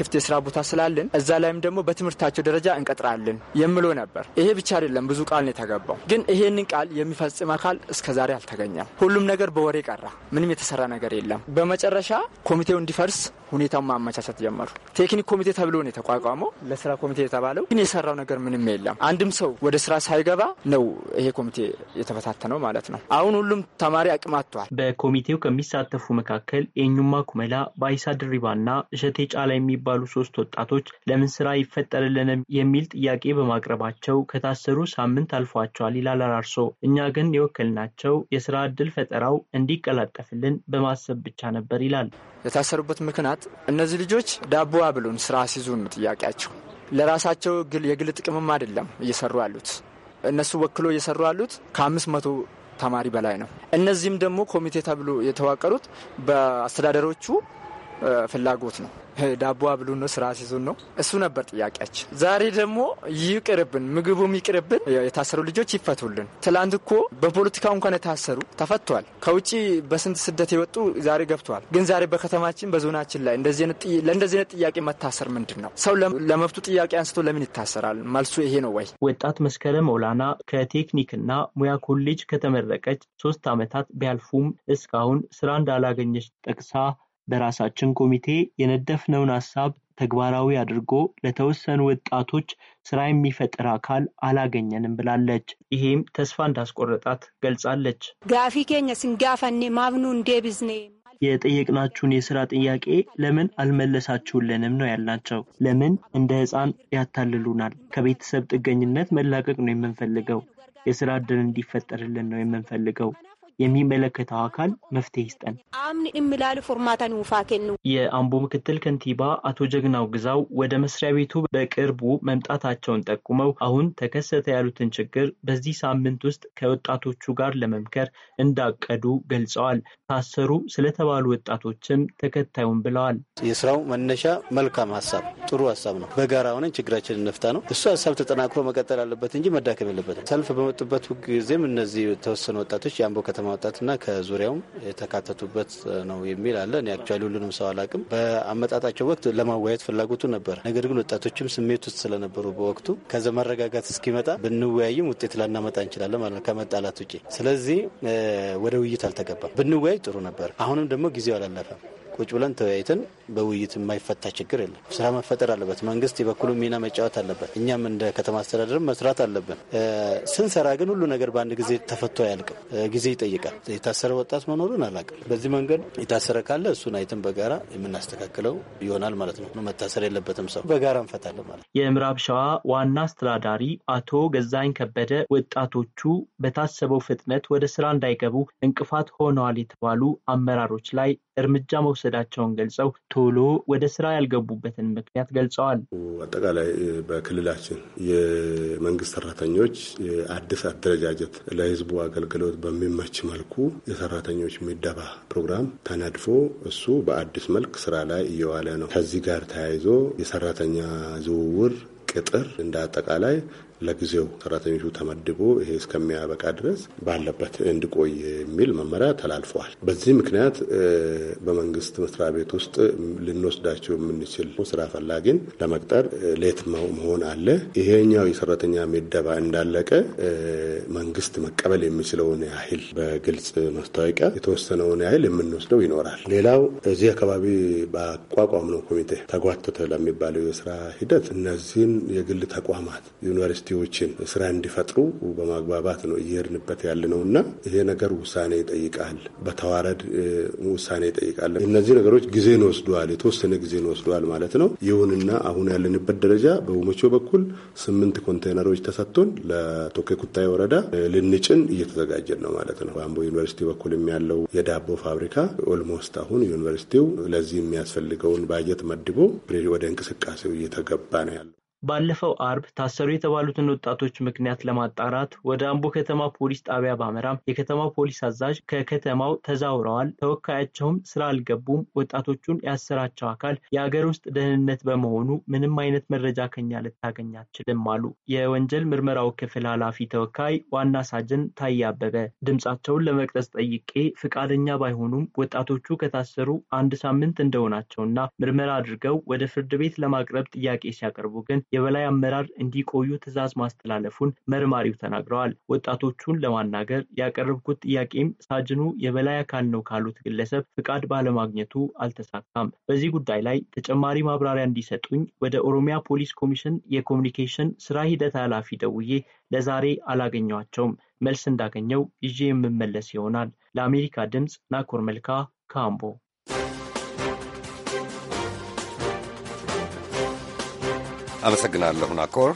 ክፍት የስራ ቦታ ስላለን እዛ ላይም ደግሞ በትምህርታቸው ደረጃ እንቀጥራለን የምሎ ነበር። ይሄ ብቻ አይደለም፣ ብዙ ቃል ነው የተገባው። ግን ይሄንን ቃል የሚፈጽም አካል እስከዛሬ አልተገኘም። ሁሉም ነገር በወሬ ቀራ። ምንም የተሰራ ነገር የለም። በመጨረሻ ኮሚቴው እንዲፈርስ ሁኔታውን ማመቻቸት ጀመሩ። ቴክኒክ ኮሚቴ ተብሎ ነው የተቋቋመው። ለስራ ኮሚቴ የተባለው ግን የሰራው ነገር ምንም የለም። አንድም ሰው ወደ ስራ ሳይገባ ነው ይሄ ኮሚቴ የተፈታተነው ማለት ነው። አሁን ሁሉም ተማሪ አቅም አጥቷል። በኮሚቴው ከሚሳተፉ መካከል የኙማ ኩመላ፣ ባይሳ ድሪባ እና እሸቴ ጫላ የሚባሉ ሶስት ወጣቶች ለምን ስራ ይፈጠርልን የሚል ጥያቄ በማቅረባቸው ከታሰሩ ሳምንት አልፏቸዋል ይላል አራርሶ። እኛ ግን የወከልናቸው የስራ እድል ፈጠራው እንዲቀላጠፍልን በማሰብ ብቻ ነበር ይላል። የታሰሩበት ምክንያት እነዚህ ልጆች ዳቦ አብሉን ስራ ሲዙን ጥያቄያቸው ለራሳቸው የግል ጥቅምም አይደለም እየሰሩ ያሉት እነሱ ወክሎ እየሰሩ ያሉት ከአምስት መቶ ተማሪ በላይ ነው። እነዚህም ደግሞ ኮሚቴ ተብሎ የተዋቀሩት በአስተዳደሮቹ ፍላጎት ነው። ዳቦ አብሉ ነው፣ ስራ ሲዙን ነው። እሱ ነበር ጥያቄያችን። ዛሬ ደግሞ ይቅርብን፣ ምግቡም ይቅርብን፣ የታሰሩ ልጆች ይፈቱልን። ትላንት እኮ በፖለቲካ እንኳን የታሰሩ ተፈቷል። ከውጭ በስንት ስደት የወጡ ዛሬ ገብተዋል። ግን ዛሬ በከተማችን በዞናችን ላይ ለእንደዚህ አይነት ጥያቄ መታሰር ምንድን ነው? ሰው ለመብቱ ጥያቄ አንስቶ ለምን ይታሰራል? መልሱ ይሄ ነው ወይ? ወጣት መስከረም መውላና ከቴክኒክና ሙያ ኮሌጅ ከተመረቀች ሶስት ዓመታት ቢያልፉም እስካሁን ስራ እንዳላገኘች ጠቅሳ በራሳችን ኮሚቴ የነደፍነውን ሀሳብ ተግባራዊ አድርጎ ለተወሰኑ ወጣቶች ስራ የሚፈጥር አካል አላገኘንም ብላለች። ይህም ተስፋ እንዳስቆረጣት ገልጻለች። ጋፊ ኬኛ ስንጋፈኔ ማብኑ እንዴ ብዝኔ የጠየቅናችሁን የስራ ጥያቄ ለምን አልመለሳችሁልንም ነው ያላቸው። ለምን እንደ ህፃን ያታልሉናል። ከቤተሰብ ጥገኝነት መላቀቅ ነው የምንፈልገው። የስራ እድል እንዲፈጠርልን ነው የምንፈልገው። የሚመለከተው አካል መፍትሄ ይስጠን። አምን እምላል ፎርማታ ንውፋኬን የአምቦ ምክትል ከንቲባ አቶ ጀግናው ግዛው ወደ መስሪያ ቤቱ በቅርቡ መምጣታቸውን ጠቁመው አሁን ተከሰተ ያሉትን ችግር በዚህ ሳምንት ውስጥ ከወጣቶቹ ጋር ለመምከር እንዳቀዱ ገልጸዋል። ታሰሩ ስለተባሉ ወጣቶችም ተከታዩን ብለዋል። የስራው መነሻ መልካም ሀሳብ፣ ጥሩ ሀሳብ ነው። በጋራ ሆነን ችግራችን እንፍታ ነው። እሱ ሀሳብ ተጠናክሮ መቀጠል አለበት እንጂ መዳከም የለበትም። ሰልፍ በመጡበት ጊዜም እነዚህ የተወሰኑ ወጣቶች የአምቦ ከተማ ማውጣትና ከዙሪያውም የተካተቱበት ነው የሚል አለ። እኔ አክቹዋሊ ሁሉንም ሰው አላቅም። በአመጣጣቸው ወቅት ለማወያየት ፍላጎቱ ነበር። ነገር ግን ወጣቶችም ስሜት ውስጥ ስለነበሩ በወቅቱ ከዛ መረጋጋት እስኪመጣ ብንወያይም ውጤት ላናመጣ እንችላለን ማለት ነው ከመጣላት ውጭ። ስለዚህ ወደ ውይይት አልተገባም። ብንወያይ ጥሩ ነበር። አሁንም ደግሞ ጊዜው አላለፈም። ቁጭ ብለን ተወያይተን በውይይት የማይፈታ ችግር የለም። ስራ መፈጠር አለበት። መንግስት የበኩሉ ሚና መጫወት አለበት። እኛም እንደ ከተማ አስተዳደርም መስራት አለብን። ስንሰራ ግን ሁሉ ነገር በአንድ ጊዜ ተፈቶ አያልቅም። ጊዜ ይጠይቃል። የታሰረ ወጣት መኖሩን አላውቅም። በዚህ መንገድ የታሰረ ካለ እሱን አይተን በጋራ የምናስተካክለው ይሆናል ማለት ነው። መታሰር የለበትም ሰው በጋራ እንፈታለን ማለት ነው። የምዕራብ ሸዋ ዋና አስተዳዳሪ አቶ ገዛኝ ከበደ ወጣቶቹ በታሰበው ፍጥነት ወደ ስራ እንዳይገቡ እንቅፋት ሆነዋል የተባሉ አመራሮች ላይ እርምጃ መውሰዳቸውን ገልጸው ቶሎ ወደ ስራ ያልገቡበትን ምክንያት ገልጸዋል። አጠቃላይ በክልላችን የመንግስት ሰራተኞች የአዲስ አደረጃጀት ለህዝቡ አገልግሎት በሚመች መልኩ የሰራተኞች ምደባ ፕሮግራም ተነድፎ እሱ በአዲስ መልክ ስራ ላይ እየዋለ ነው። ከዚህ ጋር ተያይዞ የሰራተኛ ዝውውር ቅጥር እንደ አጠቃላይ ለጊዜው ሰራተኞቹ ተመድቦ ይሄ እስከሚያበቃ ድረስ ባለበት እንዲቆይ የሚል መመሪያ ተላልፈዋል። በዚህ ምክንያት በመንግስት መስሪያ ቤት ውስጥ ልንወስዳቸው የምንችል ስራ ፈላጊን ለመቅጠር ሌት መሆን አለ። ይሄኛው የሰራተኛ ምደባ እንዳለቀ መንግስት መቀበል የሚችለውን ያህል በግልጽ ማስታወቂያ የተወሰነውን ያህል የምንወስደው ይኖራል። ሌላው እዚህ አካባቢ በአቋቋም ነው ኮሚቴ ተጓተተ ለሚባለው የስራ ሂደት እነዚህን የግል ተቋማት ዩኒቨርሲቲ መፍትሄዎችን ስራ እንዲፈጥሩ በማግባባት ነው እየሄድንበት ያለ ነው እና ይሄ ነገር ውሳኔ ይጠይቃል። በተዋረድ ውሳኔ ይጠይቃል። እነዚህ ነገሮች ጊዜን ወስደዋል፣ የተወሰነ ጊዜን ወስደዋል ማለት ነው። ይሁንና አሁን ያለንበት ደረጃ በውመቾ በኩል ስምንት ኮንቴነሮች ተሰጥቶን ለቶኬ ኩታይ ወረዳ ልንጭን እየተዘጋጀን ነው ማለት ነው። በአምቦ ዩኒቨርሲቲ በኩልም ያለው የዳቦ ፋብሪካ ኦልሞስት አሁን ዩኒቨርሲቲው ለዚህ የሚያስፈልገውን ባጀት መድቦ ወደ እንቅስቃሴው እየተገባ ነው ያለው። ባለፈው አርብ ታሰሩ የተባሉትን ወጣቶች ምክንያት ለማጣራት ወደ አምቦ ከተማ ፖሊስ ጣቢያ ባመራም የከተማው ፖሊስ አዛዥ ከከተማው ተዛውረዋል፣ ተወካያቸውም ስራ አልገቡም፣ ወጣቶቹን ያሰራቸው አካል የአገር ውስጥ ደህንነት በመሆኑ ምንም አይነት መረጃ ከኛ ልታገኝ አትችልም አሉ። የወንጀል ምርመራው ክፍል ኃላፊ ተወካይ ዋና ሳጅን ታዬ አበበ ድምጻቸውን ለመቅረጽ ጠይቄ ፍቃደኛ ባይሆኑም ወጣቶቹ ከታሰሩ አንድ ሳምንት እንደሆናቸውና ምርመራ አድርገው ወደ ፍርድ ቤት ለማቅረብ ጥያቄ ሲያቀርቡ ግን የበላይ አመራር እንዲቆዩ ትዕዛዝ ማስተላለፉን መርማሪው ተናግረዋል። ወጣቶቹን ለማናገር ያቀረብኩት ጥያቄም ሳጅኑ የበላይ አካል ነው ካሉት ግለሰብ ፍቃድ ባለማግኘቱ አልተሳካም። በዚህ ጉዳይ ላይ ተጨማሪ ማብራሪያ እንዲሰጡኝ ወደ ኦሮሚያ ፖሊስ ኮሚሽን የኮሚኒኬሽን ስራ ሂደት ኃላፊ ደውዬ ለዛሬ አላገኘዋቸውም። መልስ እንዳገኘው ይዤ የምመለስ ይሆናል። ለአሜሪካ ድምፅ ናኮር መልካ ካምቦ አመሰግናለሁ ናኮር።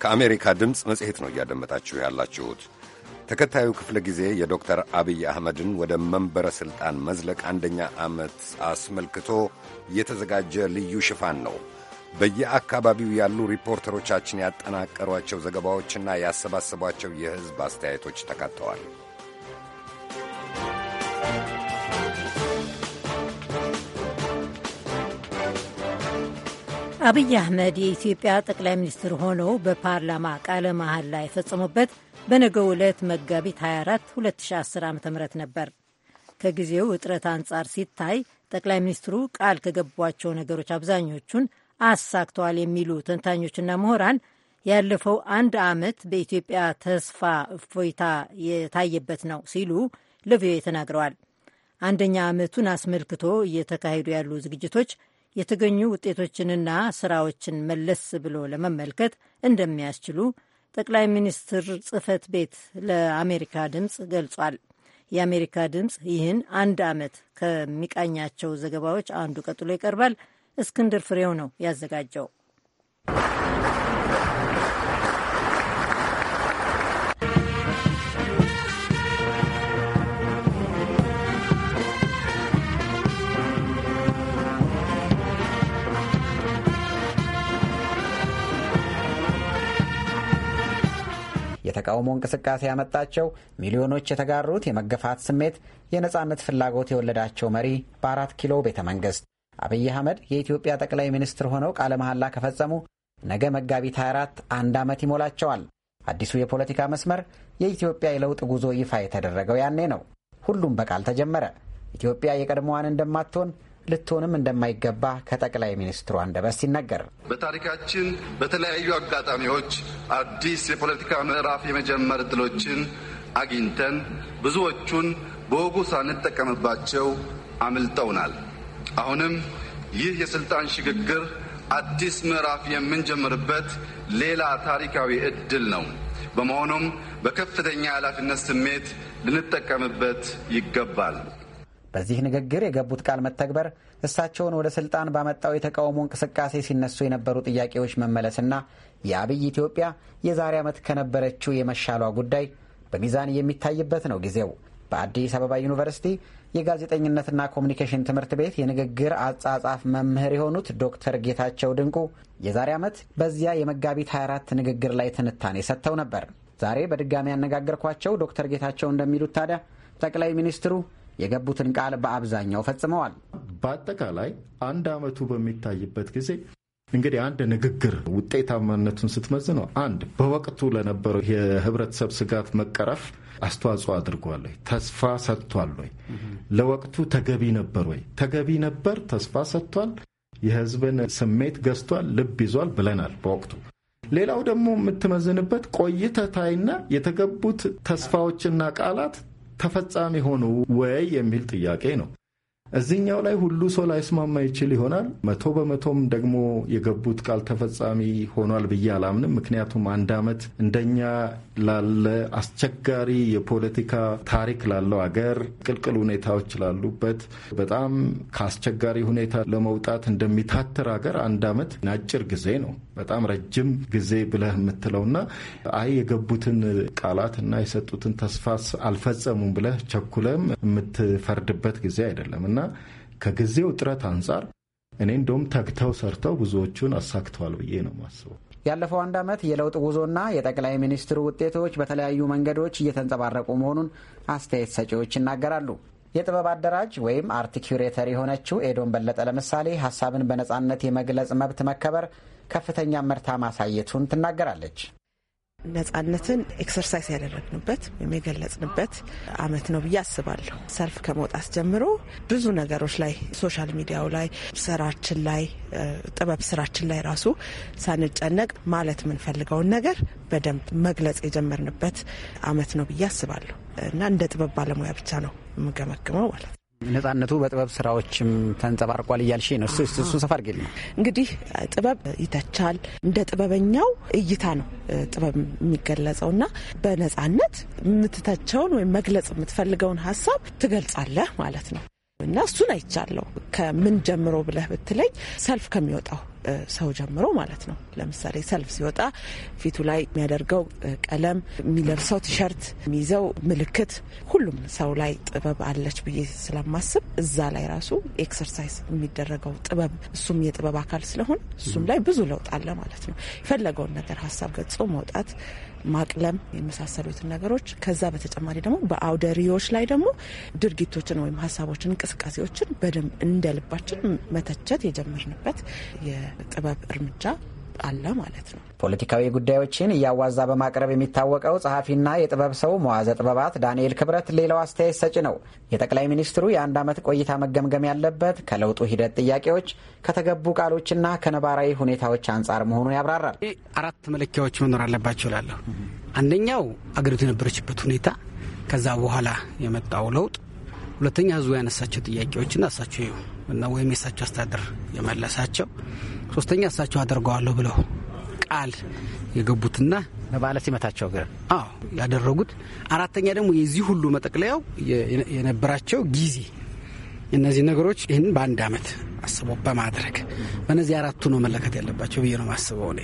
ከአሜሪካ ድምፅ መጽሔት ነው እያደመጣችሁ ያላችሁት። ተከታዩ ክፍለ ጊዜ የዶክተር አብይ አህመድን ወደ መንበረ ሥልጣን መዝለቅ አንደኛ ዓመት አስመልክቶ የተዘጋጀ ልዩ ሽፋን ነው። በየአካባቢው ያሉ ሪፖርተሮቻችን ያጠናቀሯቸው ዘገባዎችና ያሰባሰቧቸው የሕዝብ አስተያየቶች ተካተዋል። አብይ አህመድ የኢትዮጵያ ጠቅላይ ሚኒስትር ሆነው በፓርላማ ቃለ ላይ የፈጸሙበት በነገው ዕለት መጋቢት 24 2010 ዓ ም ነበር። ከጊዜው እጥረት አንጻር ሲታይ ጠቅላይ ሚኒስትሩ ቃል ከገቧቸው ነገሮች አብዛኞቹን አሳክተዋል የሚሉ ተንታኞችና ምሁራን ያለፈው አንድ ዓመት በኢትዮጵያ ተስፋ እፎይታ የታየበት ነው ሲሉ ለቪኦኤ ተናግረዋል። አንደኛ ዓመቱን አስመልክቶ እየተካሄዱ ያሉ ዝግጅቶች የተገኙ ውጤቶችንና ስራዎችን መለስ ብሎ ለመመልከት እንደሚያስችሉ ጠቅላይ ሚኒስትር ጽህፈት ቤት ለአሜሪካ ድምፅ ገልጿል። የአሜሪካ ድምፅ ይህን አንድ ዓመት ከሚቃኛቸው ዘገባዎች አንዱ ቀጥሎ ይቀርባል። እስክንድር ፍሬው ነው ያዘጋጀው። የተቃውሞ እንቅስቃሴ ያመጣቸው ሚሊዮኖች የተጋሩት የመገፋት ስሜት፣ የነጻነት ፍላጎት የወለዳቸው መሪ በአራት ኪሎ ቤተ መንግስት አብይ አህመድ የኢትዮጵያ ጠቅላይ ሚኒስትር ሆነው ቃለ መሐላ ከፈጸሙ ነገ መጋቢት 24 አንድ ዓመት ይሞላቸዋል። አዲሱ የፖለቲካ መስመር የኢትዮጵያ የለውጥ ጉዞ ይፋ የተደረገው ያኔ ነው። ሁሉም በቃል ተጀመረ። ኢትዮጵያ የቀድሞዋን እንደማትሆን ልትሆንም እንደማይገባ ከጠቅላይ ሚኒስትሩ አንደበት ሲነገር በታሪካችን በተለያዩ አጋጣሚዎች አዲስ የፖለቲካ ምዕራፍ የመጀመር እድሎችን አግኝተን ብዙዎቹን በወጉ ሳንጠቀምባቸው አምልጠውናል። አሁንም ይህ የስልጣን ሽግግር አዲስ ምዕራፍ የምንጀምርበት ሌላ ታሪካዊ እድል ነው። በመሆኑም በከፍተኛ የኃላፊነት ስሜት ልንጠቀምበት ይገባል። በዚህ ንግግር የገቡት ቃል መተግበር እሳቸውን ወደ ስልጣን ባመጣው የተቃውሞ እንቅስቃሴ ሲነሱ የነበሩ ጥያቄዎች መመለስና የአብይ ኢትዮጵያ የዛሬ ዓመት ከነበረችው የመሻሏ ጉዳይ በሚዛን የሚታይበት ነው ጊዜው። በአዲስ አበባ ዩኒቨርሲቲ የጋዜጠኝነትና ኮሚኒኬሽን ትምህርት ቤት የንግግር አጻጻፍ መምህር የሆኑት ዶክተር ጌታቸው ድንቁ የዛሬ ዓመት በዚያ የመጋቢት 24 ንግግር ላይ ትንታኔ ሰጥተው ነበር። ዛሬ በድጋሚ ያነጋገርኳቸው ዶክተር ጌታቸው እንደሚሉት ታዲያ ጠቅላይ ሚኒስትሩ የገቡትን ቃል በአብዛኛው ፈጽመዋል። በአጠቃላይ አንድ ዓመቱ በሚታይበት ጊዜ እንግዲህ አንድ ንግግር ውጤታማነቱን ስትመዝነው አንድ በወቅቱ ለነበረው የህብረተሰብ ስጋት መቀረፍ አስተዋጽኦ አድርጓል ወይ? ተስፋ ሰጥቷል ወይ? ለወቅቱ ተገቢ ነበር ወይ? ተገቢ ነበር፣ ተስፋ ሰጥቷል፣ የህዝብን ስሜት ገዝቷል፣ ልብ ይዟል ብለናል በወቅቱ። ሌላው ደግሞ የምትመዝንበት ቆይተታይና ታይና የተገቡት ተስፋዎችና ቃላት ተፈጻሚ ሆኑ ወይ የሚል ጥያቄ ነው። እዚኛው ላይ ሁሉ ሰው ላይስማማ ይችል ይሆናል። መቶ በመቶም ደግሞ የገቡት ቃል ተፈጻሚ ሆኗል ብዬ አላምንም። ምክንያቱም አንድ ዓመት እንደኛ ላለ አስቸጋሪ የፖለቲካ ታሪክ ላለው አገር ቅልቅል ሁኔታዎች ላሉበት በጣም ከአስቸጋሪ ሁኔታ ለመውጣት እንደሚታትር ሀገር አንድ ዓመት አጭር ጊዜ ነው። በጣም ረጅም ጊዜ ብለህ የምትለውና አይ የገቡትን ቃላት እና የሰጡትን ተስፋ አልፈጸሙም ብለህ ቸኩለም የምትፈርድበት ጊዜ አይደለም እና እና ከጊዜው ጥረት አንጻር እኔ እንደውም ተግተው ሰርተው ብዙዎቹን አሳክተዋል ብዬ ነው ማስበው። ያለፈው አንድ ዓመት የለውጥ ጉዞና የጠቅላይ ሚኒስትሩ ውጤቶች በተለያዩ መንገዶች እየተንጸባረቁ መሆኑን አስተያየት ሰጪዎች ይናገራሉ። የጥበብ አደራጅ ወይም አርት ኪውሬተር የሆነችው ኤዶን በለጠ ለምሳሌ ሀሳብን በነፃነት የመግለጽ መብት መከበር ከፍተኛ ምርታ ማሳየቱን ትናገራለች። ነጻነትን ኤክሰርሳይዝ ያደረግንበት ወይም የገለጽንበት አመት ነው ብዬ አስባለሁ። ሰልፍ ከመውጣት ጀምሮ ብዙ ነገሮች ላይ ሶሻል ሚዲያው ላይ፣ ስራችን ላይ፣ ጥበብ ስራችን ላይ ራሱ ሳንጨነቅ ማለት የምንፈልገውን ነገር በደንብ መግለጽ የጀመርንበት አመት ነው ብዬ አስባለሁ እና እንደ ጥበብ ባለሙያ ብቻ ነው የምገመግመው ማለት ነው። ነጻነቱ በጥበብ ስራዎችም ተንጸባርቋል እያልሽ ነው። እሱ ሰፋ አድርጌ ነው እንግዲህ ጥበብ ይተቻል። እንደ ጥበበኛው እይታ ነው ጥበብ የሚገለጸው እና በነጻነት የምትተቸውን ወይም መግለጽ የምትፈልገውን ሀሳብ ትገልጻለህ ማለት ነው እና እሱን አይቻለሁ። ከምን ጀምሮ ብለህ ብትለኝ ሰልፍ ከሚወጣው ሰው ጀምሮ ማለት ነው። ለምሳሌ ሰልፍ ሲወጣ ፊቱ ላይ የሚያደርገው ቀለም፣ የሚለብሰው ቲሸርት፣ የሚይዘው ምልክት፣ ሁሉም ሰው ላይ ጥበብ አለች ብዬ ስለማስብ እዛ ላይ ራሱ ኤክሰርሳይዝ የሚደረገው ጥበብ እሱም የጥበብ አካል ስለሆነ እሱም ላይ ብዙ ለውጥ አለ ማለት ነው። የፈለገውን ነገር ሀሳብ ገጾ መውጣት ማቅለም የመሳሰሉትን ነገሮች ከዛ በተጨማሪ ደግሞ በአውደሪዎች ላይ ደግሞ ድርጊቶችን ወይም ሀሳቦችን እንቅስቃሴዎችን በደንብ እንደ ልባችን መተቸት የጀመርንበት የጥበብ እርምጃ አለ ማለት ነው። ፖለቲካዊ ጉዳዮችን እያዋዛ በማቅረብ የሚታወቀው ጸሐፊና የጥበብ ሰው መዋዘ ጥበባት ዳንኤል ክብረት ሌላው አስተያየት ሰጪ ነው። የጠቅላይ ሚኒስትሩ የአንድ ዓመት ቆይታ መገምገም ያለበት ከለውጡ ሂደት ጥያቄዎች፣ ከተገቡ ቃሎችና ከነባራዊ ሁኔታዎች አንጻር መሆኑን ያብራራል። አራት መለኪያዎች መኖር አለባቸው እላለሁ። አንደኛው አገሪቱ የነበረችበት ሁኔታ፣ ከዛ በኋላ የመጣው ለውጥ፣ ሁለተኛ ህዝቡ ያነሳቸው ጥያቄዎችና እሳቸው እና ወይም የእሳቸው አስተዳደር የመለሳቸው ሶስተኛ እሳቸው አደርገዋለሁ ብለው ቃል የገቡትና በበዓለ ሲመታቸው ግን አዎ ያደረጉት አራተኛ ደግሞ የዚህ ሁሉ መጠቅለያው የነበራቸው ጊዜ እነዚህ ነገሮች ይህን በአንድ አመት አስቦ በማድረግ በነዚህ አራቱ ነው መለከት ያለባቸው ብዬ ነው ማስበው እኔ።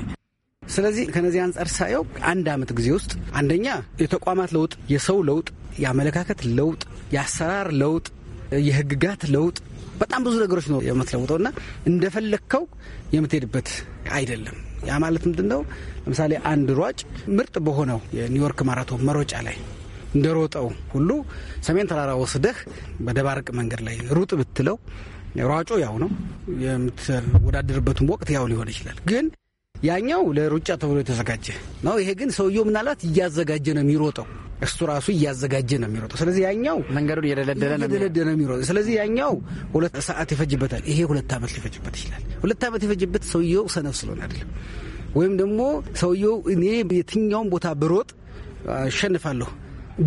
ስለዚህ ከነዚህ አንጻር ሳየው አንድ አመት ጊዜ ውስጥ አንደኛ የተቋማት ለውጥ፣ የሰው ለውጥ፣ የአመለካከት ለውጥ፣ የአሰራር ለውጥ፣ የህግጋት ለውጥ በጣም ብዙ ነገሮች ነው የምትለውጠው እና እንደፈለግከው የምትሄድበት አይደለም። ያ ማለት ምንድን ነው? ለምሳሌ አንድ ሯጭ ምርጥ በሆነው የኒውዮርክ ማራቶን መሮጫ ላይ እንደሮጠው ሁሉ ሰሜን ተራራ ወስደህ በደባርቅ መንገድ ላይ ሩጥ ብትለው ሯጩ ያው ነው፣ የምትወዳደርበትም ወቅት ያው ሊሆን ይችላል ግን ያኛው ለሩጫ ተብሎ የተዘጋጀ ነው። ይሄ ግን ሰውየው ምናልባት እያዘጋጀ ነው የሚሮጠው እሱ ራሱ እያዘጋጀ ነው የሚሮጠው። ስለዚህ ያኛው መንገዱን እየደለደለ ነው የሚሮጠው። ስለዚህ ያኛው ሁለት ሰዓት ይፈጅበታል፣ ይሄ ሁለት ዓመት ሊፈጅበት ይችላል። ሁለት ዓመት የፈጅበት ሰውየው ሰነፍ ስለሆነ አይደለም። ወይም ደግሞ ሰውየው እኔ የትኛውን ቦታ ብሮጥ አሸንፋለሁ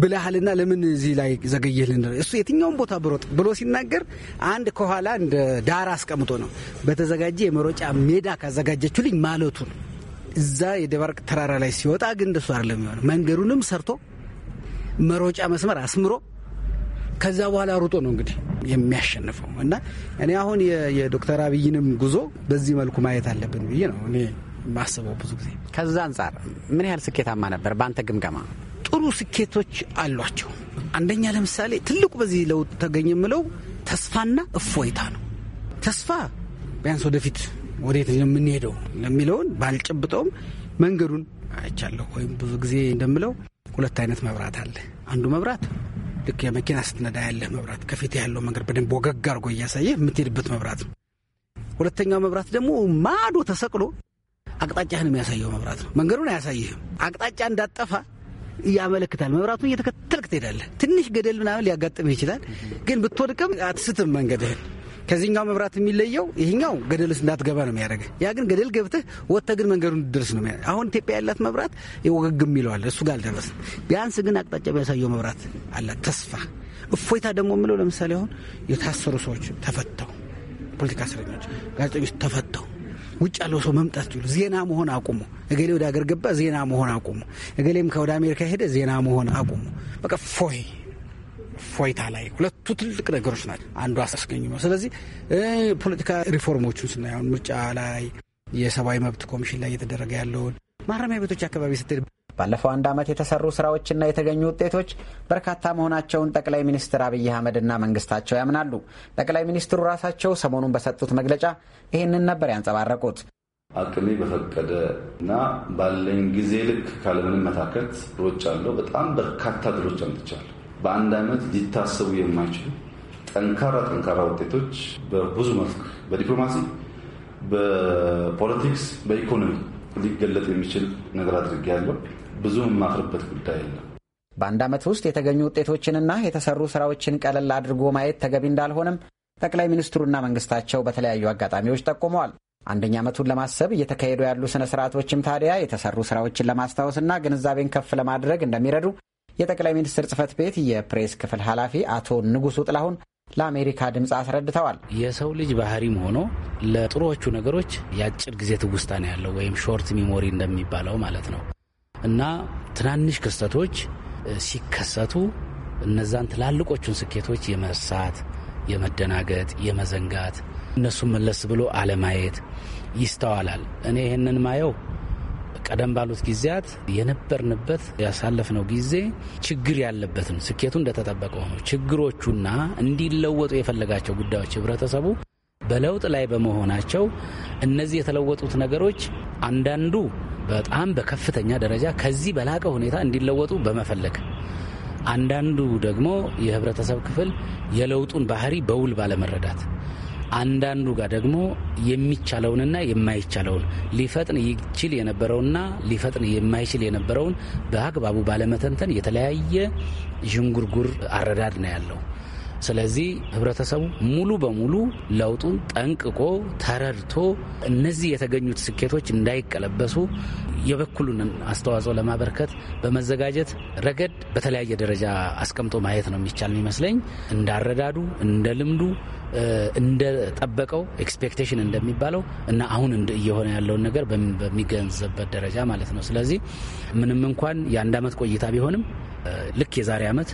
ብለሃልና ለምን እዚህ ላይ ዘገየህ እሱ የትኛውን ቦታ ብሮጥ ብሎ ሲናገር አንድ ከኋላ እንደ ዳር አስቀምጦ ነው በተዘጋጀ የመሮጫ ሜዳ ካዘጋጀችልኝ ማለቱ ነው። እዛ የደባርቅ ተራራ ላይ ሲወጣ ግን እንደሱ አይደለም የሚሆነው። መንገዱንም ሰርቶ መሮጫ መስመር አስምሮ ከዛ በኋላ ሩጦ ነው እንግዲህ የሚያሸንፈው እና እኔ አሁን የዶክተር አብይንም ጉዞ በዚህ መልኩ ማየት አለብን ብዬ ነው እኔ ማስበው ብዙ ጊዜ። ከዛ አንጻር ምን ያህል ስኬታማ ነበር በአንተ ግምገማ? ጥሩ ስኬቶች አሏቸው። አንደኛ ለምሳሌ ትልቁ በዚህ ለውጥ ተገኘ የምለው ተስፋና እፎይታ ነው። ተስፋ ቢያንስ ወደፊት ወዴት የምንሄደው ለሚለውን ባልጨብጠውም መንገዱን አይቻለሁ። ወይም ብዙ ጊዜ እንደምለው ሁለት አይነት መብራት አለ። አንዱ መብራት ልክ የመኪና ስትነዳ ያለ መብራት ከፊት ያለው መንገድ በደንብ ወገግ አድርጎ እያሳየ የምትሄድበት መብራት ነው። ሁለተኛው መብራት ደግሞ ማዶ ተሰቅሎ አቅጣጫህን የሚያሳየው መብራት ነው። መንገዱን አያሳይህም። አቅጣጫ እንዳጠፋ ያመለክታል። መብራቱን እየተከተልክ ትሄዳለህ። ትንሽ ገደል ምናምን ሊያጋጥምህ ይችላል፣ ግን ብትወድቅም አትስትም መንገድህን ከዚህኛው መብራት የሚለየው ይህኛው ገደል ውስጥ እንዳትገባ ነው የሚያደርግ። ያ ግን ገደል ገብተህ ወጥተህ ግን መንገዱ ድረስ ነው። አሁን ኢትዮጵያ ያላት መብራት ወገግ የሚለዋል እሱ ጋር አልደረስ። ቢያንስ ግን አቅጣጫ ቢያሳየው መብራት አላት ተስፋ እፎይታ። ደግሞ የምለው ለምሳሌ አሁን የታሰሩ ሰዎች ተፈተው፣ ፖለቲካ እስረኞች፣ ጋዜጠኞች ተፈተው ውጭ ያለው ሰው መምጣት ችሉ ዜና መሆን አቁሙ። እገሌ ወደ አገር ገባ ዜና መሆን አቁሙ። እገሌም ከወደ አሜሪካ ሄደ ዜና መሆን አቁሙ። በቃ ፎይ ፎይታ ላይ ሁለቱ ትልቅ ነገሮች ናቸው። አንዱ አስገኙ ነው። ስለዚህ ፖለቲካ ሪፎርሞቹን ስናየሁን ምርጫ ላይ የሰብአዊ መብት ኮሚሽን ላይ እየተደረገ ያለውን ማረሚያ ቤቶች አካባቢ ስትሄድ ባለፈው አንድ ዓመት የተሰሩ ስራዎችና የተገኙ ውጤቶች በርካታ መሆናቸውን ጠቅላይ ሚኒስትር አብይ አህመድና መንግስታቸው ያምናሉ። ጠቅላይ ሚኒስትሩ ራሳቸው ሰሞኑን በሰጡት መግለጫ ይህንን ነበር ያንጸባረቁት። አቅሜ በፈቀደ እና ባለኝ ጊዜ ልክ ካለምንም መታከት ድሎች አለው። በጣም በርካታ ድሎች አምጥቻለሁ። በአንድ ዓመት ሊታሰቡ የማይችሉ ጠንካራ ጠንካራ ውጤቶች በብዙ መስክ በዲፕሎማሲ፣ በፖለቲክስ፣ በኢኮኖሚ ሊገለጥ የሚችል ነገር አድርጌ ያለው ብዙ የማፍርበት ጉዳይ የለም። በአንድ ዓመት ውስጥ የተገኙ ውጤቶችንና የተሰሩ ስራዎችን ቀለል አድርጎ ማየት ተገቢ እንዳልሆነም ጠቅላይ ሚኒስትሩና መንግስታቸው በተለያዩ አጋጣሚዎች ጠቁመዋል። አንደኛ ዓመቱን ለማሰብ እየተካሄዱ ያሉ ስነ ስርዓቶችም ታዲያ የተሰሩ ስራዎችን ለማስታወስና ግንዛቤን ከፍ ለማድረግ እንደሚረዱ የጠቅላይ ሚኒስትር ጽህፈት ቤት የፕሬስ ክፍል ኃላፊ አቶ ንጉሱ ጥላሁን ለአሜሪካ ድምፅ አስረድተዋል። የሰው ልጅ ባህሪም ሆኖ ለጥሩዎቹ ነገሮች የአጭር ጊዜ ትውስታ ነው ያለው ወይም ሾርት ሚሞሪ እንደሚባለው ማለት ነው። እና ትናንሽ ክስተቶች ሲከሰቱ እነዛን ትላልቆቹን ስኬቶች የመርሳት፣ የመደናገጥ፣ የመዘንጋት እነሱን መለስ ብሎ አለማየት ይስተዋላል። እኔ ይህንን ማየው ቀደም ባሉት ጊዜያት የነበርንበት ያሳለፍነው ጊዜ ችግር ያለበትም ስኬቱ እንደተጠበቀው ነው ችግሮቹና እንዲለወጡ የፈለጋቸው ጉዳዮች ህብረተሰቡ በለውጥ ላይ በመሆናቸው እነዚህ የተለወጡት ነገሮች አንዳንዱ በጣም በከፍተኛ ደረጃ ከዚህ በላቀ ሁኔታ እንዲለወጡ በመፈለግ አንዳንዱ ደግሞ የህብረተሰብ ክፍል የለውጡን ባህሪ በውል ባለመረዳት አንዳንዱ ጋር ደግሞ የሚቻለውንና የማይቻለውን ሊፈጥን ይችል የነበረውና ሊፈጥን የማይችል የነበረውን በአግባቡ ባለመተንተን የተለያየ ዥንጉርጉር አረዳድ ነው ያለው። ስለዚህ ህብረተሰቡ ሙሉ በሙሉ ለውጡን ጠንቅቆ ተረድቶ እነዚህ የተገኙት ስኬቶች እንዳይቀለበሱ የበኩሉን አስተዋጽኦ ለማበርከት በመዘጋጀት ረገድ በተለያየ ደረጃ አስቀምጦ ማየት ነው የሚቻል የሚመስለኝ። እንዳረዳዱ፣ እንደ ልምዱ፣ እንደጠበቀው ኤክስፔክቴሽን እንደሚባለው እና አሁን እየሆነ ያለውን ነገር በሚገንዘበት ደረጃ ማለት ነው። ስለዚህ ምንም እንኳን የአንድ ዓመት ቆይታ ቢሆንም ልክ የዛሬ ዓመት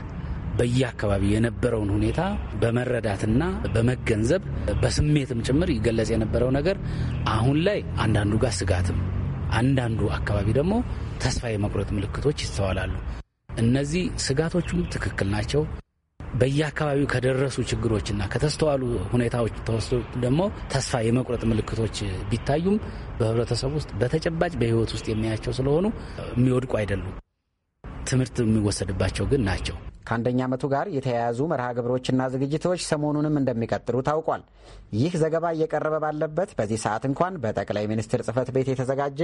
በየአካባቢው የነበረውን ሁኔታ በመረዳትና በመገንዘብ በስሜትም ጭምር ይገለጽ የነበረው ነገር አሁን ላይ አንዳንዱ ጋር ስጋትም፣ አንዳንዱ አካባቢ ደግሞ ተስፋ የመቁረጥ ምልክቶች ይስተዋላሉ። እነዚህ ስጋቶቹም ትክክል ናቸው። በየአካባቢው ከደረሱ ችግሮችና ከተስተዋሉ ሁኔታዎች ተወስዶ ደግሞ ተስፋ የመቁረጥ ምልክቶች ቢታዩም በህብረተሰብ ውስጥ በተጨባጭ በህይወት ውስጥ የሚያያቸው ስለሆኑ የሚወድቁ አይደሉም። ትምህርት የሚወሰድባቸው ግን ናቸው። ከአንደኛ ዓመቱ ጋር የተያያዙ መርሃ ግብሮችና ዝግጅቶች ሰሞኑንም እንደሚቀጥሉ ታውቋል። ይህ ዘገባ እየቀረበ ባለበት በዚህ ሰዓት እንኳን በጠቅላይ ሚኒስትር ጽህፈት ቤት የተዘጋጀ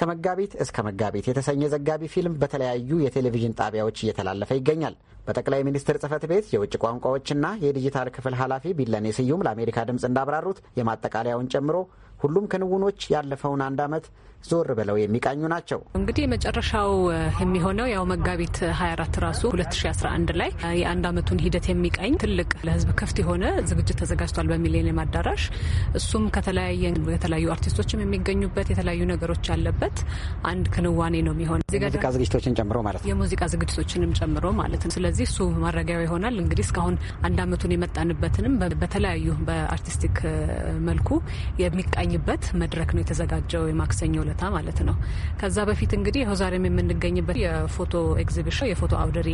ከመጋቢት እስከ መጋቢት የተሰኘ ዘጋቢ ፊልም በተለያዩ የቴሌቪዥን ጣቢያዎች እየተላለፈ ይገኛል። በጠቅላይ ሚኒስትር ጽህፈት ቤት የውጭ ቋንቋዎችና የዲጂታል ክፍል ኃላፊ ቢለኔ ስዩም ለአሜሪካ ድምፅ እንዳብራሩት የማጠቃለያውን ጨምሮ ሁሉም ክንውኖች ያለፈውን አንድ ዓመት ዞር ብለው የሚቃኙ ናቸው። እንግዲህ የመጨረሻው የሚሆነው ያው መጋቢት 24 ራሱ 2011 ላይ የአንድ አመቱን ሂደት የሚቃኝ ትልቅ ለህዝብ ክፍት የሆነ ዝግጅት ተዘጋጅቷል በሚሌኒየም አዳራሽ። እሱም ከተለያየ የተለያዩ አርቲስቶችም የሚገኙበት የተለያዩ ነገሮች ያለበት አንድ ክንዋኔ ነው የሚሆነው የሙዚቃ ዝግጅቶችን ጨምሮ ማለት ነው። የሙዚቃ ዝግጅቶችንም ጨምሮ ማለት ነው። ስለዚህ እሱ ማድረጊያው ይሆናል። እንግዲህ እስካሁን አንድ አመቱን የመጣንበትንም በተለያዩ በአርቲስቲክ መልኩ የሚቃኝበት መድረክ ነው የተዘጋጀው የማክሰኞ ዕለታ ማለት ነው። ከዛ በፊት እንግዲህ ይኸው ዛሬም የምንገኝበት የፎቶ ኤግዚቢሽን የፎቶ አውደሪ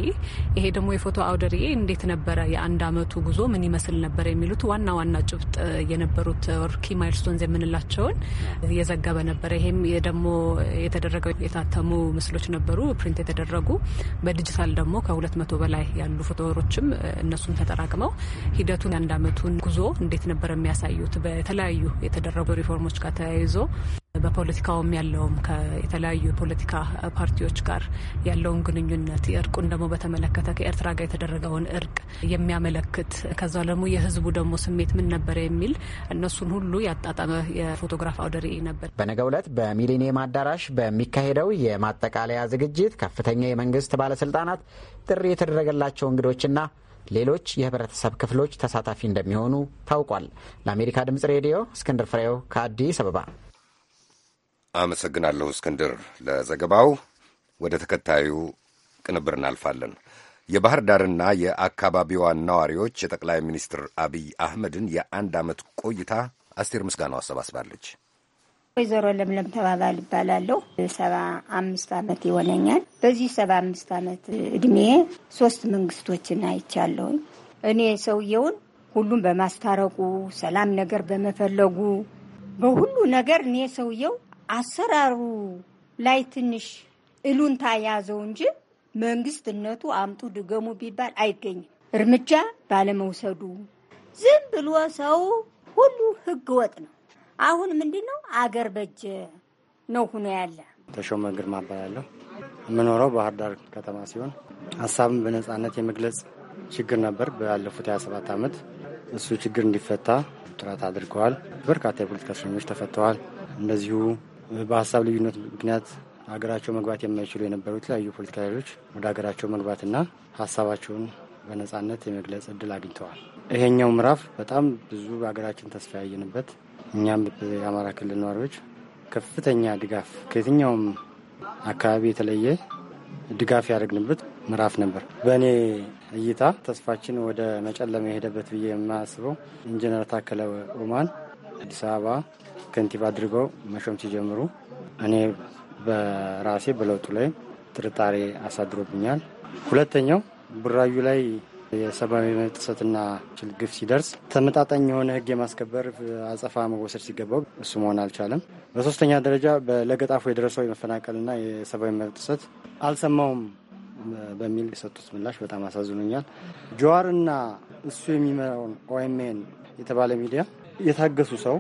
ይሄ ደግሞ የፎቶ አውደሪ እንዴት ነበረ፣ የአንድ አመቱ ጉዞ ምን ይመስል ነበር የሚሉት ዋና ዋና ጭብጥ የነበሩት ኪ ማይልስቶንዝ የምንላቸውን እየዘገበ ነበረ። ይሄም ደግሞ የተደረገው የታተሙ ምስሎች ነበሩ ፕሪንት የተደረጉ በዲጂታል ደግሞ ከሁለት መቶ በላይ ያሉ ፎቶዎችም እነሱን ተጠራቅመው ሂደቱን የአንድ አመቱን ጉዞ እንዴት ነበር የሚያሳዩት በተለያዩ የተደረጉ ሪፎርሞች ጋር ተያይዞ በፖለቲካውም ያለውም የተለያዩ የፖለቲካ ፓርቲዎች ጋር ያለውን ግንኙነት እርቁን ደግሞ በተመለከተ ከኤርትራ ጋር የተደረገውን እርቅ የሚያመለክት ከዛ ደግሞ የህዝቡ ደግሞ ስሜት ምን ነበረ የሚል እነሱን ሁሉ ያጣጠመ የፎቶግራፍ አውደ ርዕይ ነበር። በነገው ዕለት በሚሊኒየም አዳራሽ በሚካሄደው የማጠቃለያ ዝግጅት ከፍተኛ የመንግስት ባለስልጣናት ጥሪ የተደረገላቸው እንግዶችና ሌሎች የህብረተሰብ ክፍሎች ተሳታፊ እንደሚሆኑ ታውቋል። ለአሜሪካ ድምጽ ሬዲዮ እስክንድር ፍሬው ከአዲስ አበባ አመሰግናለሁ እስክንድር ለዘገባው። ወደ ተከታዩ ቅንብር እናልፋለን። የባህር ዳርና የአካባቢዋ ነዋሪዎች የጠቅላይ ሚኒስትር አብይ አህመድን የአንድ ዓመት ቆይታ አስቴር ምስጋናው አሰባስባለች። ወይዘሮ ለምለም ተባባል ይባላለሁ። ሰባ አምስት ዓመት ይሆነኛል። በዚህ ሰባ አምስት ዓመት እድሜ ሶስት መንግስቶችን አይቻለሁኝ። እኔ ሰውየውን ሁሉም በማስታረቁ ሰላም ነገር በመፈለጉ በሁሉ ነገር እኔ ሰውየው አሰራሩ ላይ ትንሽ እሉንታ ያዘው እንጂ መንግስትነቱ አምጡ ድገሙ ቢባል አይገኝም። እርምጃ ባለመውሰዱ ዝም ብሎ ሰው ሁሉ ህግ ወጥ ነው። አሁን ምንድን ነው አገር በጀ ነው ሁኖ ያለ። ተሾመ ግርማ እባላለሁ። የምኖረው ባህር ዳር ከተማ ሲሆን ሀሳብን በነጻነት የመግለጽ ችግር ነበር ባለፉት 27 ዓመት። እሱ ችግር እንዲፈታ ጥረት አድርገዋል። በርካታ የፖለቲካ እስረኞች ተፈተዋል። እንደዚሁ በሀሳብ ልዩነት ምክንያት ሀገራቸው መግባት የማይችሉ የነበሩ የተለያዩ ፖለቲካ ኃይሎች ወደ ሀገራቸው መግባትና ሀሳባቸውን በነጻነት የመግለጽ እድል አግኝተዋል። ይሄኛው ምዕራፍ በጣም ብዙ በሀገራችን ተስፋ ያየንበት እኛም የአማራ ክልል ነዋሪዎች ከፍተኛ ድጋፍ ከየትኛውም አካባቢ የተለየ ድጋፍ ያደረግንበት ምዕራፍ ነበር። በእኔ እይታ ተስፋችን ወደ መጨለመ የሄደበት ብዬ የማስበው ኢንጂነር ታከለ ኡማን አዲስ አበባ ከንቲባ አድርገው መሾም ሲጀምሩ እኔ በራሴ በለውጡ ላይ ጥርጣሬ አሳድሮብኛል። ሁለተኛው ቡራዩ ላይ የሰብአዊ መብት ጥሰትና ግፍ ሲደርስ ተመጣጣኝ የሆነ ሕግ የማስከበር አጸፋ መወሰድ ሲገባው እሱ መሆን አልቻለም። በሶስተኛ ደረጃ ለገጣፎ የደረሰው የመፈናቀልና የሰብአዊ መብት ጥሰት አልሰማውም በሚል የሰጡት ምላሽ በጣም አሳዝኖኛል። ጀዋርና እሱ የሚመራውን ኦኤምኤን የተባለ ሚዲያ የታገሱ ሰው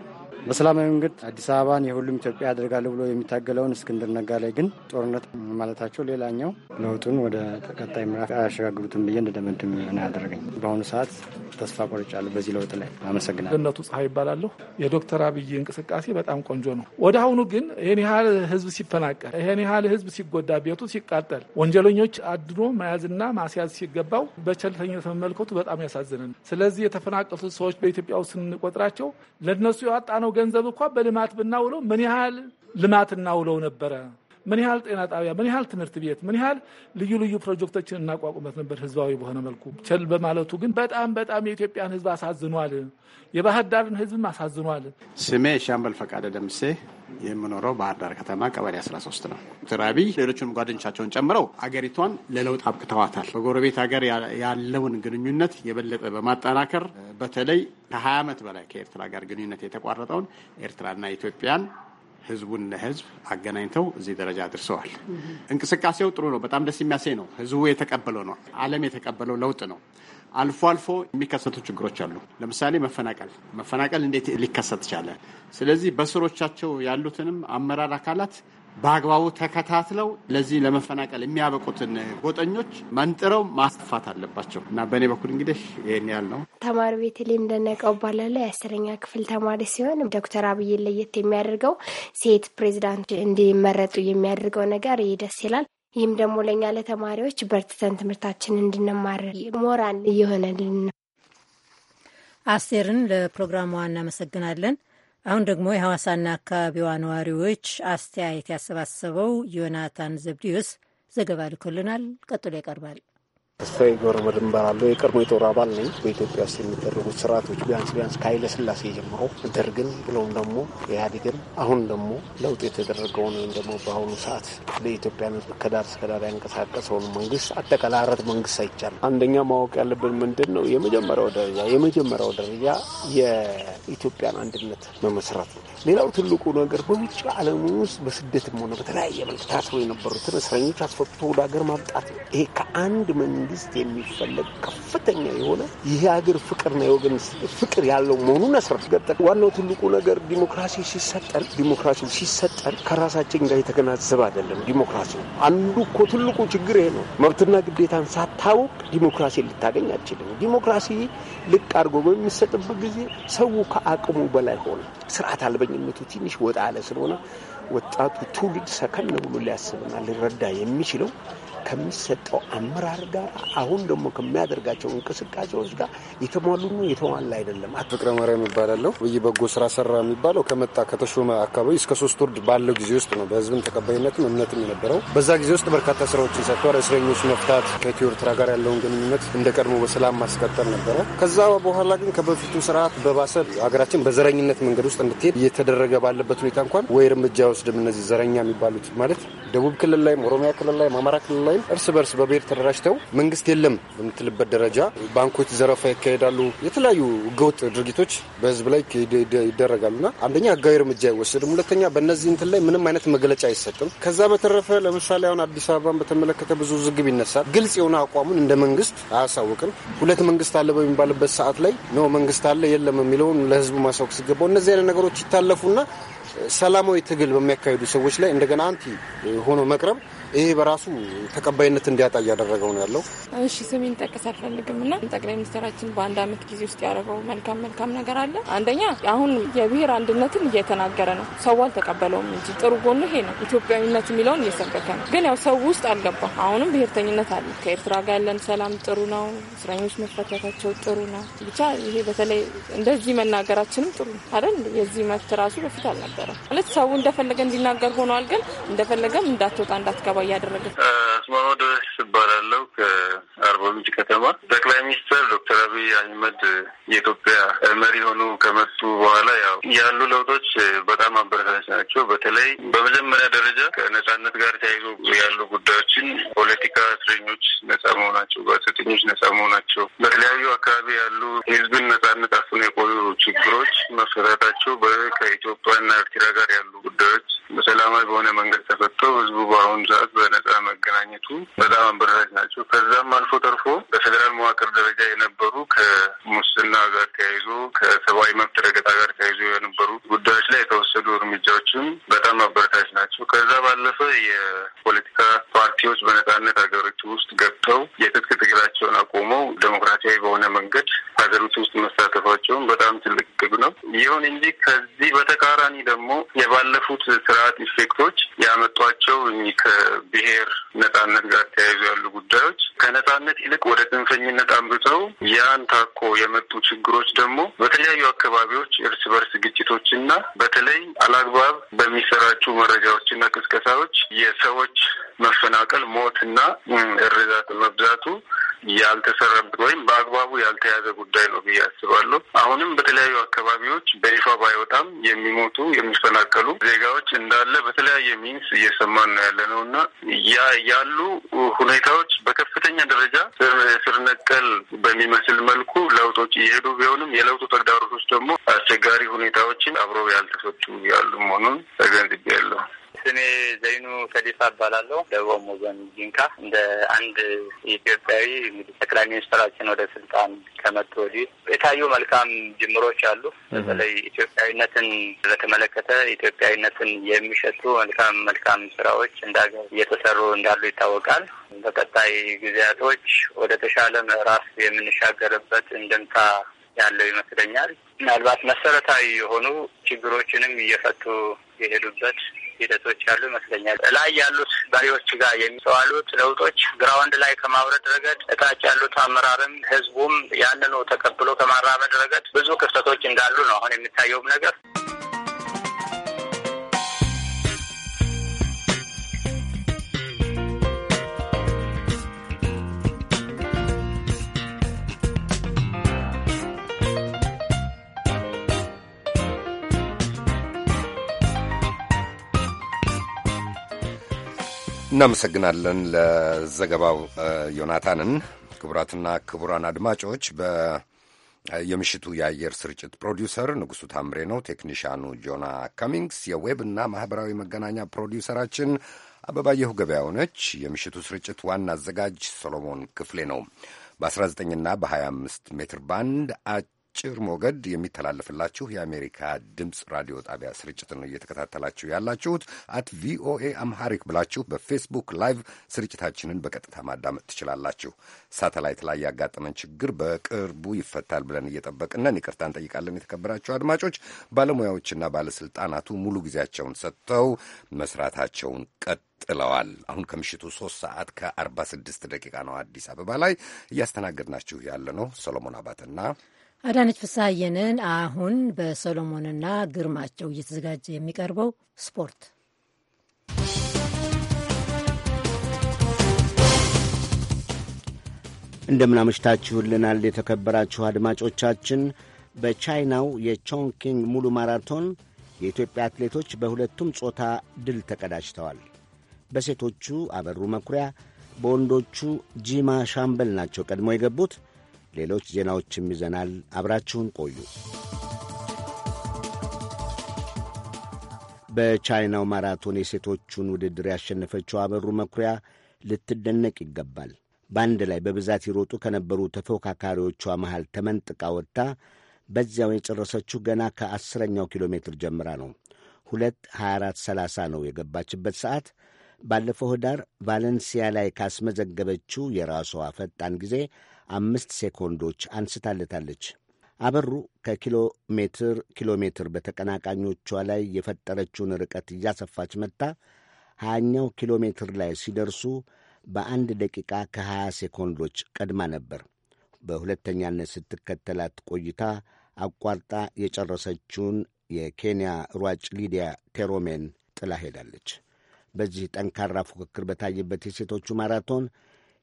በሰላማዊ መንገድ አዲስ አበባን የሁሉም ኢትዮጵያ ያደርጋሉ ብሎ የሚታገለውን እስክንድር ነጋ ላይ ግን ጦርነት ማለታቸው ሌላኛው ለውጡን ወደ ተቀጣይ ምዕራፍ አያሸጋግሩትም ብዬ እንደደመድም ነው ያደረገኝ። በአሁኑ ሰዓት ተስፋ ቆርጫለሁ በዚህ ለውጥ ላይ። አመሰግናለሁ። እነቱ ፀሐይ ይባላለሁ። የዶክተር አብይ እንቅስቃሴ በጣም ቆንጆ ነው። ወደ አሁኑ ግን ይህን ያህል ህዝብ ሲፈናቀል፣ ይህን ያህል ህዝብ ሲጎዳ፣ ቤቱ ሲቃጠል፣ ወንጀለኞች አድኖ መያዝና ማስያዝ ሲገባው በቸልተኝነት መመልከቱ በጣም ያሳዝንን። ስለዚህ የተፈናቀሉት ሰዎች በኢትዮጵያ ውስጥ ስንቆጥራቸው ለነሱ ያወጣ ነው ገንዘብ እኳ በልማት ብናውለው ምን ያህል ልማት እናውለው ነበረ? ምን ያህል ጤና ጣቢያ፣ ምን ያህል ትምህርት ቤት፣ ምን ያህል ልዩ ልዩ ፕሮጀክቶችን እናቋቁመት ነበር። ህዝባዊ በሆነ መልኩ ቸል በማለቱ ግን በጣም በጣም የኢትዮጵያን ህዝብ አሳዝኗል። የባህር ዳርን ህዝብም አሳዝኗል። ስሜ ሻምበል ፈቃደ ደምሴ የምኖረው ባህር ዳር ከተማ ቀበሌ 13 ነው። ትራቢ ሌሎችንም ጓደኞቻቸውን ጨምረው አገሪቷን ለለውጥ አብቅተዋታል። በጎረቤት ሀገር ያለውን ግንኙነት የበለጠ በማጠናከር በተለይ ከ20 ዓመት በላይ ከኤርትራ ጋር ግንኙነት የተቋረጠውን ኤርትራና ኢትዮጵያን ህዝቡን ለህዝብ አገናኝተው እዚህ ደረጃ አድርሰዋል። እንቅስቃሴው ጥሩ ነው። በጣም ደስ የሚያሰኝ ነው። ህዝቡ የተቀበለው ነው። ዓለም የተቀበለው ለውጥ ነው። አልፎ አልፎ የሚከሰቱ ችግሮች አሉ። ለምሳሌ መፈናቀል መፈናቀል እንዴት ሊከሰት ቻለ? ስለዚህ በስሮቻቸው ያሉትንም አመራር አካላት በአግባቡ ተከታትለው ለዚህ ለመፈናቀል የሚያበቁትን ጎጠኞች መንጥረው ማስፋት አለባቸው እና በእኔ በኩል እንግዲህ ይህን ያህል ነው። ተማሪ ቤተልሔም እንደነቀው እባላለሁ። የአስረኛ ክፍል ተማሪ ሲሆን ዶክተር አብይ ለየት የሚያደርገው ሴት ፕሬዚዳንት እንዲመረጡ የሚያደርገው ነገር ይህ ደስ ይላል። ይህም ደግሞ ለእኛ ለተማሪዎች በርትተን ትምህርታችን እንድንማር ሞራል እየሆነልን ነው። አስቴርን ለፕሮግራሟ እናመሰግናለን። አሁን ደግሞ የሐዋሳና አካባቢዋ ነዋሪዎች አስተያየት ያሰባሰበው ዮናታን ዘብዲዮስ ዘገባ ልኮልናል። ቀጥሎ ይቀርባል። ተስፋዬ ገብረ አለው እባላለሁ። የቀድሞ የጦር አባል ነኝ። በኢትዮጵያ ውስጥ የሚደረጉት ስርዓቶች ቢያንስ ቢያንስ ከኃይለ ስላሴ ጀምሮ ደርግን ብለውም ደግሞ ኢህአዴግን አሁን ደግሞ ለውጥ የተደረገውን ወይም ደግሞ በአሁኑ ሰዓት ለኢትዮጵያ ከዳር እስከ ዳር ያንቀሳቀሰውን መንግስት አጠቃላይ አረት መንግስት አይቻልም። አንደኛ ማወቅ ያለብን ምንድን ነው? የመጀመሪያው ደረጃ የመጀመሪያው ደረጃ የኢትዮጵያን አንድነት መመስረት ነው። ሌላው ትልቁ ነገር በውጭ ዓለም ውስጥ በስደትም ሆነ በተለያየ መልክ ታስሮ የነበሩትን እስረኞች አስፈጥቶ ወደ ሀገር ማምጣት ነው። ይሄ ከአንድ መንግስት የሚፈለግ ከፍተኛ የሆነ ይሄ ሀገር ፍቅርና የወገን ፍቅር ያለው መሆኑን ገጠ ዋናው ትልቁ ነገር ዲሞክራሲ ሲሰጠን ዲሞክራሲ ሲሰጠን ከራሳችን ጋር የተገናዘበ አይደለም። ዲሞክራሲ አንዱ እኮ ትልቁ ችግር ይሄ ነው። መብትና ግዴታን ሳታውቅ ዲሞክራሲ ልታገኝ አችልም። ዲሞክራሲ ልቅ አድርጎ በሚሰጥበት ጊዜ ሰው ከአቅሙ በላይ ሆነ። ስርዓት አልበኝነቱ ትንሽ ወጣ ያለ ስለሆነ ወጣቱ ትውልድ ሰከን ብሎ ሊያስብና ሊረዳ የሚችለው ከሚሰጠው አመራር ጋር አሁን ደግሞ ከሚያደርጋቸው እንቅስቃሴዎች ጋር የተሟሉ የተሟላ አይደለም። ፍቅረ ማርያም ይባላለሁ። ይህ በጎ ስራ ሰራ የሚባለው ከመጣ ከተሾመ አካባቢ እስከ ሶስት ወርድ ባለው ጊዜ ውስጥ ነው በህዝብም ተቀባይነትም እምነትም የነበረው። በዛ ጊዜ ውስጥ በርካታ ስራዎችን ሰርተዋል። እስረኞች መፍታት፣ ከኢትዮ ኤርትራ ጋር ያለውን ግንኙነት እንደ ቀድሞ በሰላም ማስቀጠል ነበረ። ከዛ በኋላ ግን ከበፊቱ ስርዓት በባሰ ሀገራችን በዘረኝነት መንገድ ውስጥ እንድትሄድ እየተደረገ ባለበት ሁኔታ እንኳን ወይ እርምጃ ውስድም እነዚህ ዘረኛ የሚባሉት ማለት ደቡብ ክልል ላይም ኦሮሚያ ክልል ላይም አማራ ክልል ላይ ኃይል እርስ በርስ በብሔር ተደራጅተው መንግስት የለም በምትልበት ደረጃ ባንኮች ዘረፋ ይካሄዳሉ። የተለያዩ ህገወጥ ድርጊቶች በህዝብ ላይ ይደረጋሉና አንደኛ ህጋዊ እርምጃ አይወሰድም። ሁለተኛ በእነዚህ እንትን ላይ ምንም አይነት መግለጫ አይሰጥም። ከዛ በተረፈ ለምሳሌ አሁን አዲስ አበባን በተመለከተ ብዙ ዝግብ ይነሳል። ግልጽ የሆነ አቋሙን እንደ መንግስት አያሳውቅም። ሁለት መንግስት አለ በሚባልበት ሰዓት ላይ ነው መንግስት አለ የለም የሚለውን ለህዝቡ ማሳወቅ ሲገባው እነዚህ አይነት ነገሮች ይታለፉና ሰላማዊ ትግል በሚያካሂዱ ሰዎች ላይ እንደገና አንቲ ሆኖ መቅረብ ይሄ በራሱ ተቀባይነት እንዲያጣ እያደረገው ነው ያለው። እሺ ስሜን ጠቅስ አልፈልግም እና ጠቅላይ ሚኒስትራችን በአንድ አመት ጊዜ ውስጥ ያደረገው መልካም መልካም ነገር አለ። አንደኛ አሁን የብሔር አንድነትን እየተናገረ ነው፣ ሰው አልተቀበለውም እንጂ ጥሩ ጎኑ ይሄ ነው። ኢትዮጵያዊነት የሚለውን እየሰበከ ነው፣ ግን ያው ሰው ውስጥ አልገባም። አሁንም ብሔርተኝነት አለ። ከኤርትራ ጋር ያለን ሰላም ጥሩ ነው። እስረኞች መፈታታቸው ጥሩ ነው። ብቻ ይሄ በተለይ እንደዚህ መናገራችንም ጥሩ ነው አይደል? የዚህ መብት ራሱ በፊት አልነበረም ማለት ሰው እንደፈለገ እንዲናገር ሆኗል። ግን እንደፈለገም እንዳትወጣ እንዳትገባ እያደረገ ስማማ ድረስ እባላለሁ ከአርባ ምንጭ ከተማ። ጠቅላይ ሚኒስትር ዶክተር አብይ አህመድ የኢትዮጵያ መሪ ሆኑ ከመጡ በኋላ ያው ያሉ ለውጦች በጣም አበረታች ናቸው። በተለይ በመጀመሪያ ደረጃ ከነጻነት ጋር ተያይዞ ያሉ ጉዳዮችን ፖለቲካ እስረኞች ነጻ መሆናቸው፣ ጋዜጠኞች ነጻ መሆናቸው፣ በተለያዩ አካባቢ ያሉ ህዝብን ነጻነት አፍኖ የቆዩ ችግሮች መፈታታቸው፣ ከኢትዮጵያና ኤርትራ ጋር ያሉ ጉዳዮች በሰላማዊ በሆነ መንገድ ተፈቶ ህዝቡ በአሁኑ ሰዓት በነጻ መገናኘቱ በጣም አበረታች ናቸው። ከዛም አልፎ ተርፎ በፌዴራል መዋቅር ደረጃ የነበሩ ከሙስና ጋር ተያይዞ ከሰብአዊ መብት ረገጣ ጋር ተያይዞ የነበሩ ጉዳዮች ላይ የተወሰዱ እርምጃዎችም በጣም አበረታች ናቸው። ከዛ ባለፈ የፖለቲካ ፓርቲዎች በነጻነት ሀገሪቱ ውስጥ ገብተው የትጥቅ ትግላቸውን አቆመው ዴሞክራሲያዊ በሆነ መንገድ ሀገሪቱ ውስጥ መሳተፋቸውን በጣም ትልቅ ግብ ነው። ይሁን እንጂ ከዚህ በተቃራኒ ደግሞ የባለፉት ስርዓት ኢፌክቶች ያመጧቸው ከብሔር ነጻነት ጋር ተያይዞ ያሉ ጉዳዮች ከነጻነት ይልቅ ወደ ጽንፈኝነት አምብተው ያን ታኮ የመጡ ችግሮች ደግሞ በተለያዩ አካባቢዎች እርስ በርስ ግጭቶችና በተለይ አላግባብ በሚሰራጩ መረጃዎችና ቅስቀሳዎች የሰዎች መፈናቀል፣ ሞትና እርዛት መብዛቱ ያልተሰራበት ወይም በአግባቡ ያልተያዘ ጉዳይ ነው ብዬ አስባለሁ። አሁንም በተለያዩ አካባቢዎች በይፋ ባይወጣም የሚሞቱ የሚፈናቀሉ ዜጋዎች እንዳለ በተለያየ ሚንስ እየሰማን ነው ያለ ነው እና ያ ያሉ ሁኔታዎች በከፍተኛ ደረጃ ስር ነቀል በሚመስል መልኩ ለውጦች እየሄዱ ቢሆንም የለውጡ ተግዳሮቶች ደግሞ አስቸጋሪ ሁኔታዎችን አብረው ያልተፈቱ ያሉ መሆኑን ተገንዝቤያለሁ። ስሜ ዘይኑ ከሊፋ እባላለሁ። ደቡብ ኦሞ ዞን ጂንካ። እንደ አንድ ኢትዮጵያዊ እንግዲህ ጠቅላይ ሚኒስትራችን ወደ ስልጣን ከመጡ ወዲህ የታዩ መልካም ጅምሮች አሉ። በተለይ ኢትዮጵያዊነትን በተመለከተ ኢትዮጵያዊነትን የሚሸቱ መልካም መልካም ስራዎች እንደ ሀገር እየተሰሩ እንዳሉ ይታወቃል። በቀጣይ ጊዜያቶች ወደ ተሻለ ምዕራፍ የምንሻገርበት እንድምታ ያለው ይመስለኛል። ምናልባት መሰረታዊ የሆኑ ችግሮችንም እየፈቱ የሄዱበት ሂደቶች ያሉ ይመስለኛል። ላይ ያሉት መሪዎች ጋር የሚስተዋሉት ለውጦች ግራውንድ ላይ ከማውረድ ረገድ እታች ያሉት አመራርም ህዝቡም ያንኑ ተቀብሎ ከማራመድ ረገድ ብዙ ክፍተቶች እንዳሉ ነው አሁን የሚታየውም ነገር እናመሰግናለን ለዘገባው ዮናታንን። ክቡራትና ክቡራን አድማጮች የምሽቱ የአየር ስርጭት ፕሮዲውሰር ንጉሱ ታምሬ ነው። ቴክኒሻኑ ጆና ካሚንግስ፣ የዌብና ማኅበራዊ መገናኛ ፕሮዲውሰራችን አበባየሁ ገበያው ነች። የምሽቱ ስርጭት ዋና አዘጋጅ ሰሎሞን ክፍሌ ነው። በ19ና በ25 ሜትር ባንድ በአጭር ሞገድ የሚተላለፍላችሁ የአሜሪካ ድምፅ ራዲዮ ጣቢያ ስርጭትን ነው እየተከታተላችሁ ያላችሁት። አት ቪኦኤ አምሃሪክ ብላችሁ በፌስቡክ ላይቭ ስርጭታችንን በቀጥታ ማዳመጥ ትችላላችሁ። ሳተላይት ላይ ያጋጠመን ችግር በቅርቡ ይፈታል ብለን እየጠበቅነን ይቅርታ እንጠይቃለን። የተከበራችሁ አድማጮች፣ ባለሙያዎችና ባለስልጣናቱ ሙሉ ጊዜያቸውን ሰጥተው መስራታቸውን ቀጥለዋል። አሁን ከምሽቱ ሶስት ሰዓት ከአርባ ስድስት ደቂቃ ነው አዲስ አበባ ላይ እያስተናገድናችሁ ያለ ነው ሰሎሞን አባትና አዳነች ፍስሐየንን። አሁን በሰሎሞንና ግርማቸው እየተዘጋጀ የሚቀርበው ስፖርት እንደምናመሽታችሁልናል የተከበራችሁ አድማጮቻችን። በቻይናው የቾንኪንግ ሙሉ ማራቶን የኢትዮጵያ አትሌቶች በሁለቱም ጾታ ድል ተቀዳጅተዋል። በሴቶቹ አበሩ መኩሪያ፣ በወንዶቹ ጂማ ሻምበል ናቸው ቀድሞ የገቡት። ሌሎች ዜናዎችም ይዘናል። አብራችሁን ቆዩ። በቻይናው ማራቶን የሴቶቹን ውድድር ያሸነፈችው አበሩ መኩሪያ ልትደነቅ ይገባል። በአንድ ላይ በብዛት ይሮጡ ከነበሩ ተፎካካሪዎቿ መሃል ተመንጥቃ ወጥታ በዚያው የጨረሰችው ገና ከአስረኛው ኪሎ ሜትር ጀምራ ነው። ሁለት 30 ነው የገባችበት ሰዓት። ባለፈው ህዳር ቫለንሲያ ላይ ካስመዘገበችው የራሷ ፈጣን ጊዜ አምስት ሴኮንዶች አንስታለታለች። አበሩ ከኪሎ ሜትር ኪሎ ሜትር በተቀናቃኞቿ ላይ የፈጠረችውን ርቀት እያሰፋች መጥታ ሀያኛው ኪሎ ሜትር ላይ ሲደርሱ በአንድ ደቂቃ ከ20 ሴኮንዶች ቀድማ ነበር። በሁለተኛነት ስትከተላት ቆይታ አቋርጣ የጨረሰችውን የኬንያ ሯጭ ሊዲያ ቴሮሜን ጥላ ሄዳለች። በዚህ ጠንካራ ፉክክር በታየበት የሴቶቹ ማራቶን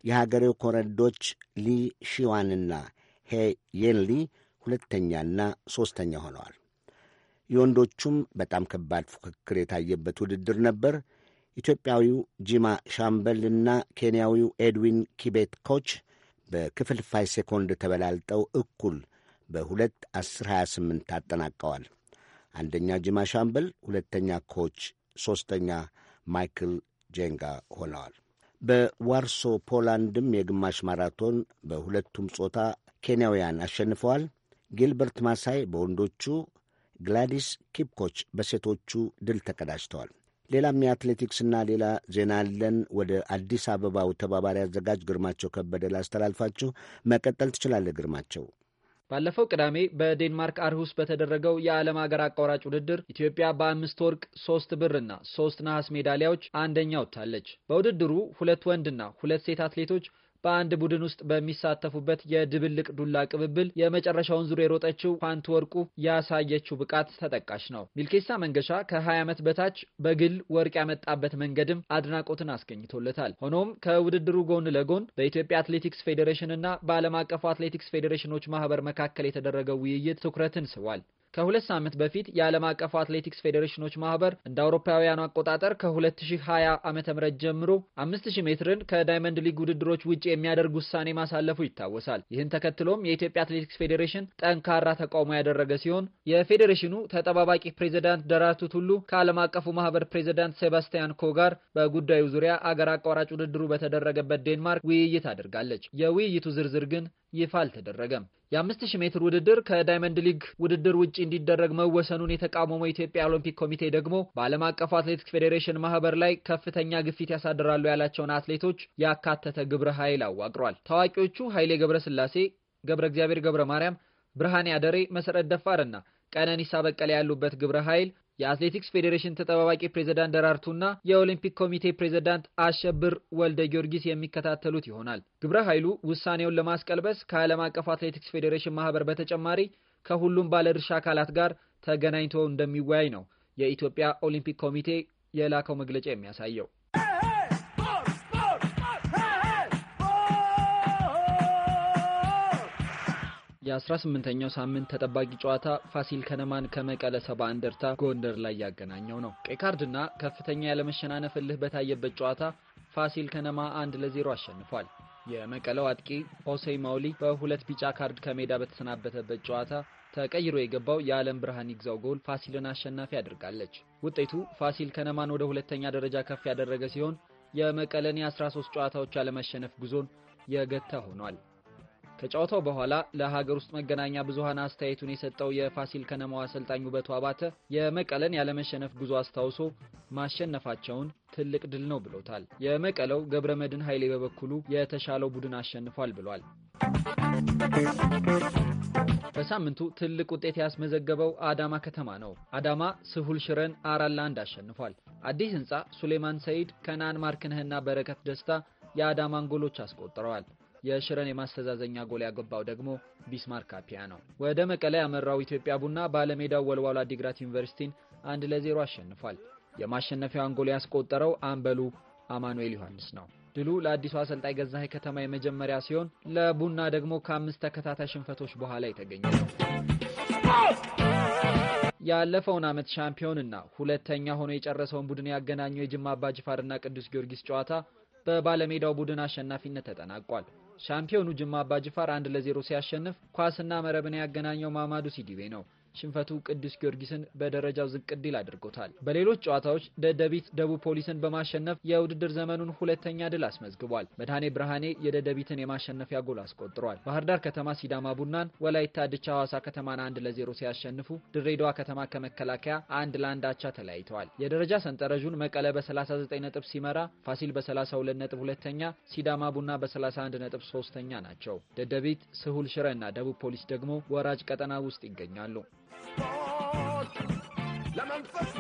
የሀገሬው ኮረዶች ሊ ሺዋንና ሄ የንሊ ሁለተኛና ሦስተኛ ሆነዋል። የወንዶቹም በጣም ከባድ ፉክክር የታየበት ውድድር ነበር። ኢትዮጵያዊው ጂማ ሻምበል እና ኬንያዊው ኤድዊን ኪቤት ኮች በክፍልፋይ ሴኮንድ ተበላልጠው እኩል በሁለት አስር ሃያ ስምንት አጠናቀዋል። አንደኛ ጂማ ሻምበል፣ ሁለተኛ ኮች፣ ሦስተኛ ማይክል ጄንጋ ሆነዋል። በዋርሶ ፖላንድም የግማሽ ማራቶን በሁለቱም ጾታ ኬንያውያን አሸንፈዋል። ጊልበርት ማሳይ በወንዶቹ፣ ግላዲስ ኪፕኮች በሴቶቹ ድል ተቀዳጅተዋል። ሌላም የአትሌቲክስና ሌላ ዜና አለን። ወደ አዲስ አበባው ተባባሪ አዘጋጅ ግርማቸው ከበደ ላስተላልፋችሁ። መቀጠል ትችላለህ ግርማቸው። ባለፈው ቅዳሜ በዴንማርክ አርሁስ በተደረገው የዓለም ሀገር አቋራጭ ውድድር ኢትዮጵያ በአምስት ወርቅ ሶስት ብርና ሶስት ነሐስ ሜዳሊያዎች አንደኛ ወጥታለች። በውድድሩ ሁለት ወንድና ሁለት ሴት አትሌቶች በአንድ ቡድን ውስጥ በሚሳተፉበት የድብልቅ ዱላ ቅብብል የመጨረሻውን ዙር የሮጠችው ኳንት ወርቁ ያሳየችው ብቃት ተጠቃሽ ነው። ሚልኬሳ መንገሻ ከ20 ዓመት በታች በግል ወርቅ ያመጣበት መንገድም አድናቆትን አስገኝቶለታል። ሆኖም ከውድድሩ ጎን ለጎን በኢትዮጵያ አትሌቲክስ ፌዴሬሽን እና በዓለም አቀፉ አትሌቲክስ ፌዴሬሽኖች ማህበር መካከል የተደረገው ውይይት ትኩረትን ስቧል። ከሁለት ሳምንት በፊት የዓለም አቀፉ አትሌቲክስ ፌዴሬሽኖች ማህበር እንደ አውሮፓውያኑ አቆጣጠር ከ2020 ዓ.ም ጀምሮ 5000 ሜትርን ከዳይመንድ ሊግ ውድድሮች ውጭ የሚያደርግ ውሳኔ ማሳለፉ ይታወሳል። ይህን ተከትሎም የኢትዮጵያ አትሌቲክስ ፌዴሬሽን ጠንካራ ተቃውሞ ያደረገ ሲሆን የፌዴሬሽኑ ተጠባባቂ ፕሬዝዳንት ደራርቱ ቱሉ ከዓለም አቀፉ ማህበር ፕሬዝዳንት ሴባስቲያን ኮ ጋር በጉዳዩ ዙሪያ አገር አቋራጭ ውድድሩ በተደረገበት ዴንማርክ ውይይት አድርጋለች። የውይይቱ ዝርዝር ግን ይፋ አልተደረገም። የአምስት ሺህ ሜትር ውድድር ከዳይመንድ ሊግ ውድድር ውጭ እንዲደረግ መወሰኑን የተቃወመው የኢትዮጵያ ኦሎምፒክ ኮሚቴ ደግሞ በዓለም አቀፉ አትሌቲክስ ፌዴሬሽን ማህበር ላይ ከፍተኛ ግፊት ያሳድራሉ ያላቸውን አትሌቶች ያካተተ ግብረ ኃይል አዋቅሯል። ታዋቂዎቹ ኃይሌ ገብረስላሴ፣ ገብረ እግዚአብሔር ገብረ ማርያም፣ ብርሃኔ አደሬ፣ መሰረት ደፋርና ቀነኒሳ በቀለ ያሉበት ግብረ ኃይል የአትሌቲክስ ፌዴሬሽን ተጠባባቂ ፕሬዝዳንት ደራርቱና የኦሊምፒክ ኮሚቴ ፕሬዝዳንት አሸብር ወልደ ጊዮርጊስ የሚከታተሉት ይሆናል። ግብረ ኃይሉ ውሳኔውን ለማስቀልበስ ከዓለም አቀፍ አትሌቲክስ ፌዴሬሽን ማህበር በተጨማሪ ከሁሉም ባለድርሻ አካላት ጋር ተገናኝቶ እንደሚወያይ ነው የኢትዮጵያ ኦሊምፒክ ኮሚቴ የላከው መግለጫ የሚያሳየው። የ18ኛው ሳምንት ተጠባቂ ጨዋታ ፋሲል ከነማን ከመቀለ ሰባ እንደርታ ጎንደር ላይ ያገናኘው ነው። ቀይ ካርድና ከፍተኛ ያለመሸናነፍ እልህ በታየበት ጨዋታ ፋሲል ከነማ አንድ ለዜሮ አሸንፏል። የመቀለው አጥቂ ሆሴይ ማውሊ በሁለት ቢጫ ካርድ ከሜዳ በተሰናበተበት ጨዋታ ተቀይሮ የገባው የዓለም ብርሃን ይግዛው ጎል ፋሲልን አሸናፊ አድርጋለች። ውጤቱ ፋሲል ከነማን ወደ ሁለተኛ ደረጃ ከፍ ያደረገ ሲሆን የመቀለን የ13 ጨዋታዎች ያለመሸነፍ ጉዞን የገታ ሆኗል። ከጨዋታው በኋላ ለሀገር ውስጥ መገናኛ ብዙሃን አስተያየቱን የሰጠው የፋሲል ከነማው አሰልጣኝ ውበቱ አባተ የመቀለን ያለመሸነፍ ጉዞ አስታውሶ ማሸነፋቸውን ትልቅ ድል ነው ብሎታል። የመቀለው ገብረ መድን ኃይሌ በበኩሉ የተሻለው ቡድን አሸንፏል ብሏል። በሳምንቱ ትልቅ ውጤት ያስመዘገበው አዳማ ከተማ ነው። አዳማ ስሁል ሽረን አራት ለአንድ አሸንፏል። አዲስ ህንፃ፣ ሱሌማን ሰይድ፣ ከናን ማርክነህና በረከት ደስታ የአዳማን ጎሎች አስቆጥረዋል። የሽረን የማስተዛዘኛ ጎል ያገባው ደግሞ ቢስማር ካፒያ ነው። ወደ መቀለ ያመራው ኢትዮጵያ ቡና ባለሜዳው ወልዋሎ አዲግራት ዩኒቨርሲቲን አንድ ለዜሮ አሸንፏል። የማሸነፊያውን ጎል ያስቆጠረው አምበሉ አማኑኤል ዮሐንስ ነው። ድሉ ለአዲሱ አሰልጣኝ ገዛኸኝ ከተማ የመጀመሪያ ሲሆን ለቡና ደግሞ ከአምስት ተከታታይ ሽንፈቶች በኋላ የተገኘ ነው። ያለፈውን ዓመት ሻምፒዮንና ሁለተኛ ሆኖ የጨረሰውን ቡድን ያገናኘው የጅማ አባጅፋርና ቅዱስ ጊዮርጊስ ጨዋታ በባለሜዳው ቡድን አሸናፊነት ተጠናቋል። ሻምፒዮኑ ጅማ አባጅፋር አንድ ለዜሮ ሲያሸንፍ ኳስና መረብን ያገናኘው ማማዱ ሲዲቤ ነው። ሽንፈቱ ቅዱስ ጊዮርጊስን በደረጃው ዝቅ እንዲል አድርጎታል። በሌሎች ጨዋታዎች ደደቢት ደቡብ ፖሊስን በማሸነፍ የውድድር ዘመኑን ሁለተኛ ድል አስመዝግቧል። መድኃኔ ብርሃኔ የደደቢትን የማሸነፊያ ጎል አስቆጥሯል። ባህር ዳር ከተማ ሲዳማ ቡናን፣ ወላይታ ድቻ ሐዋሳ ከተማን አንድ ለዜሮ ሲያሸንፉ ድሬዳዋ ከተማ ከመከላከያ አንድ ለአንድ አቻ ተለያይተዋል። የደረጃ ሰንጠረዡን መቀለ በ39 ነጥብ ሲመራ፣ ፋሲል በ32 ነጥብ ሁለተኛ፣ ሲዳማ ቡና በ31 ነጥብ ሶስተኛ ናቸው። ደደቢት፣ ስሁል ሽረ እና ደቡብ ፖሊስ ደግሞ ወራጅ ቀጠና ውስጥ ይገኛሉ። لما انفجر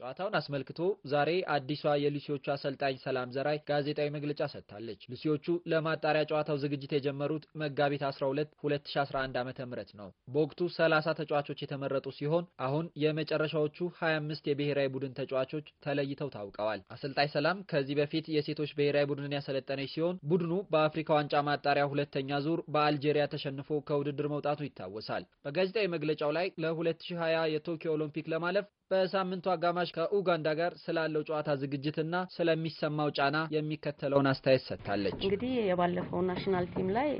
ጨዋታውን አስመልክቶ ዛሬ አዲሷ የሉሲዎቹ አሰልጣኝ ሰላም ዘራይ ጋዜጣዊ መግለጫ ሰጥታለች። ሉሲዎቹ ለማጣሪያ ጨዋታው ዝግጅት የጀመሩት መጋቢት 12 2011 ዓ ም ነው። በወቅቱ 30 ተጫዋቾች የተመረጡ ሲሆን አሁን የመጨረሻዎቹ 25 የብሔራዊ ቡድን ተጫዋቾች ተለይተው ታውቀዋል። አሰልጣኝ ሰላም ከዚህ በፊት የሴቶች ብሔራዊ ቡድንን ያሰለጠነች ሲሆን ቡድኑ በአፍሪካ ዋንጫ ማጣሪያ ሁለተኛ ዙር በአልጄሪያ ተሸንፎ ከውድድር መውጣቱ ይታወሳል። በጋዜጣዊ መግለጫው ላይ ለ2020 የቶኪዮ ኦሎምፒክ ለማለፍ በሳምንቱ አጋማሽ ከኡጋንዳ ጋር ስላለው ጨዋታ ዝግጅትና ስለሚሰማው ጫና የሚከተለውን አስተያየት ሰጥታለች። እንግዲህ የባለፈው ናሽናል ቲም ላይ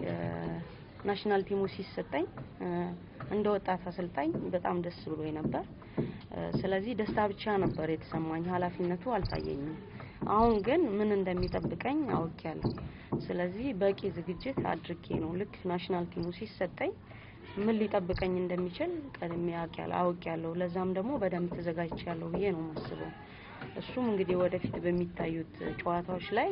ናሽናል ቲሙ ሲሰጠኝ እንደ ወጣት አሰልጣኝ በጣም ደስ ብሎ ነበር። ስለዚህ ደስታ ብቻ ነበር የተሰማኝ፣ ኃላፊነቱ አልታየኝም። አሁን ግን ምን እንደሚጠብቀኝ አውቄያለሁ። ስለዚህ በቂ ዝግጅት አድርጌ ነው ልክ ናሽናል ቲሙ ሲሰጠኝ ምን ሊጠብቀኝ እንደሚችል ቀድሜ አውቄያለሁ። ለዛም ደግሞ በደንብ ተዘጋጅቻለሁ ብዬ ነው የማስበው። እሱም እንግዲህ ወደፊት በሚታዩት ጨዋታዎች ላይ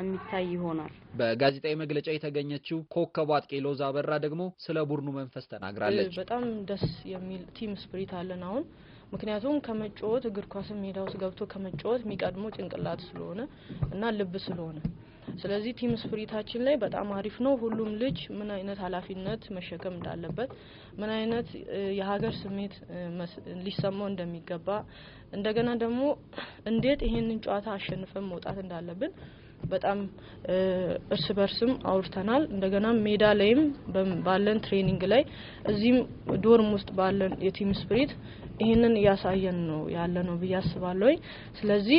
የሚታይ ይሆናል። በጋዜጣዊ መግለጫ የተገኘችው ኮከቡ አጥቂ ሎዛ በራ ደግሞ ስለ ቡድኑ መንፈስ ተናግራለች። በጣም ደስ የሚል ቲም ስፕሪት አለን አሁን ምክንያቱም ከመጫወት እግር ኳስ ሜዳ ውስጥ ገብቶ ከመጫወት የሚቀድሞ ጭንቅላት ስለሆነ እና ልብ ስለሆነ ስለዚህ ቲም ስፕሪታችን ላይ በጣም አሪፍ ነው። ሁሉም ልጅ ምን አይነት ኃላፊነት መሸከም እንዳለበት፣ ምን አይነት የሀገር ስሜት ሊሰማው እንደሚገባ እንደገና ደግሞ እንዴት ይሄንን ጨዋታ አሸንፈን መውጣት እንዳለብን በጣም እርስ በርስም አውርተናል። እንደገና ሜዳ ላይም ባለን ትሬኒንግ ላይ እዚህም ዶርም ውስጥ ባለን የቲም ስፕሪት ይህንን እያሳየን ነው ያለ ነው ብዬ አስባለሁ። ስለዚህ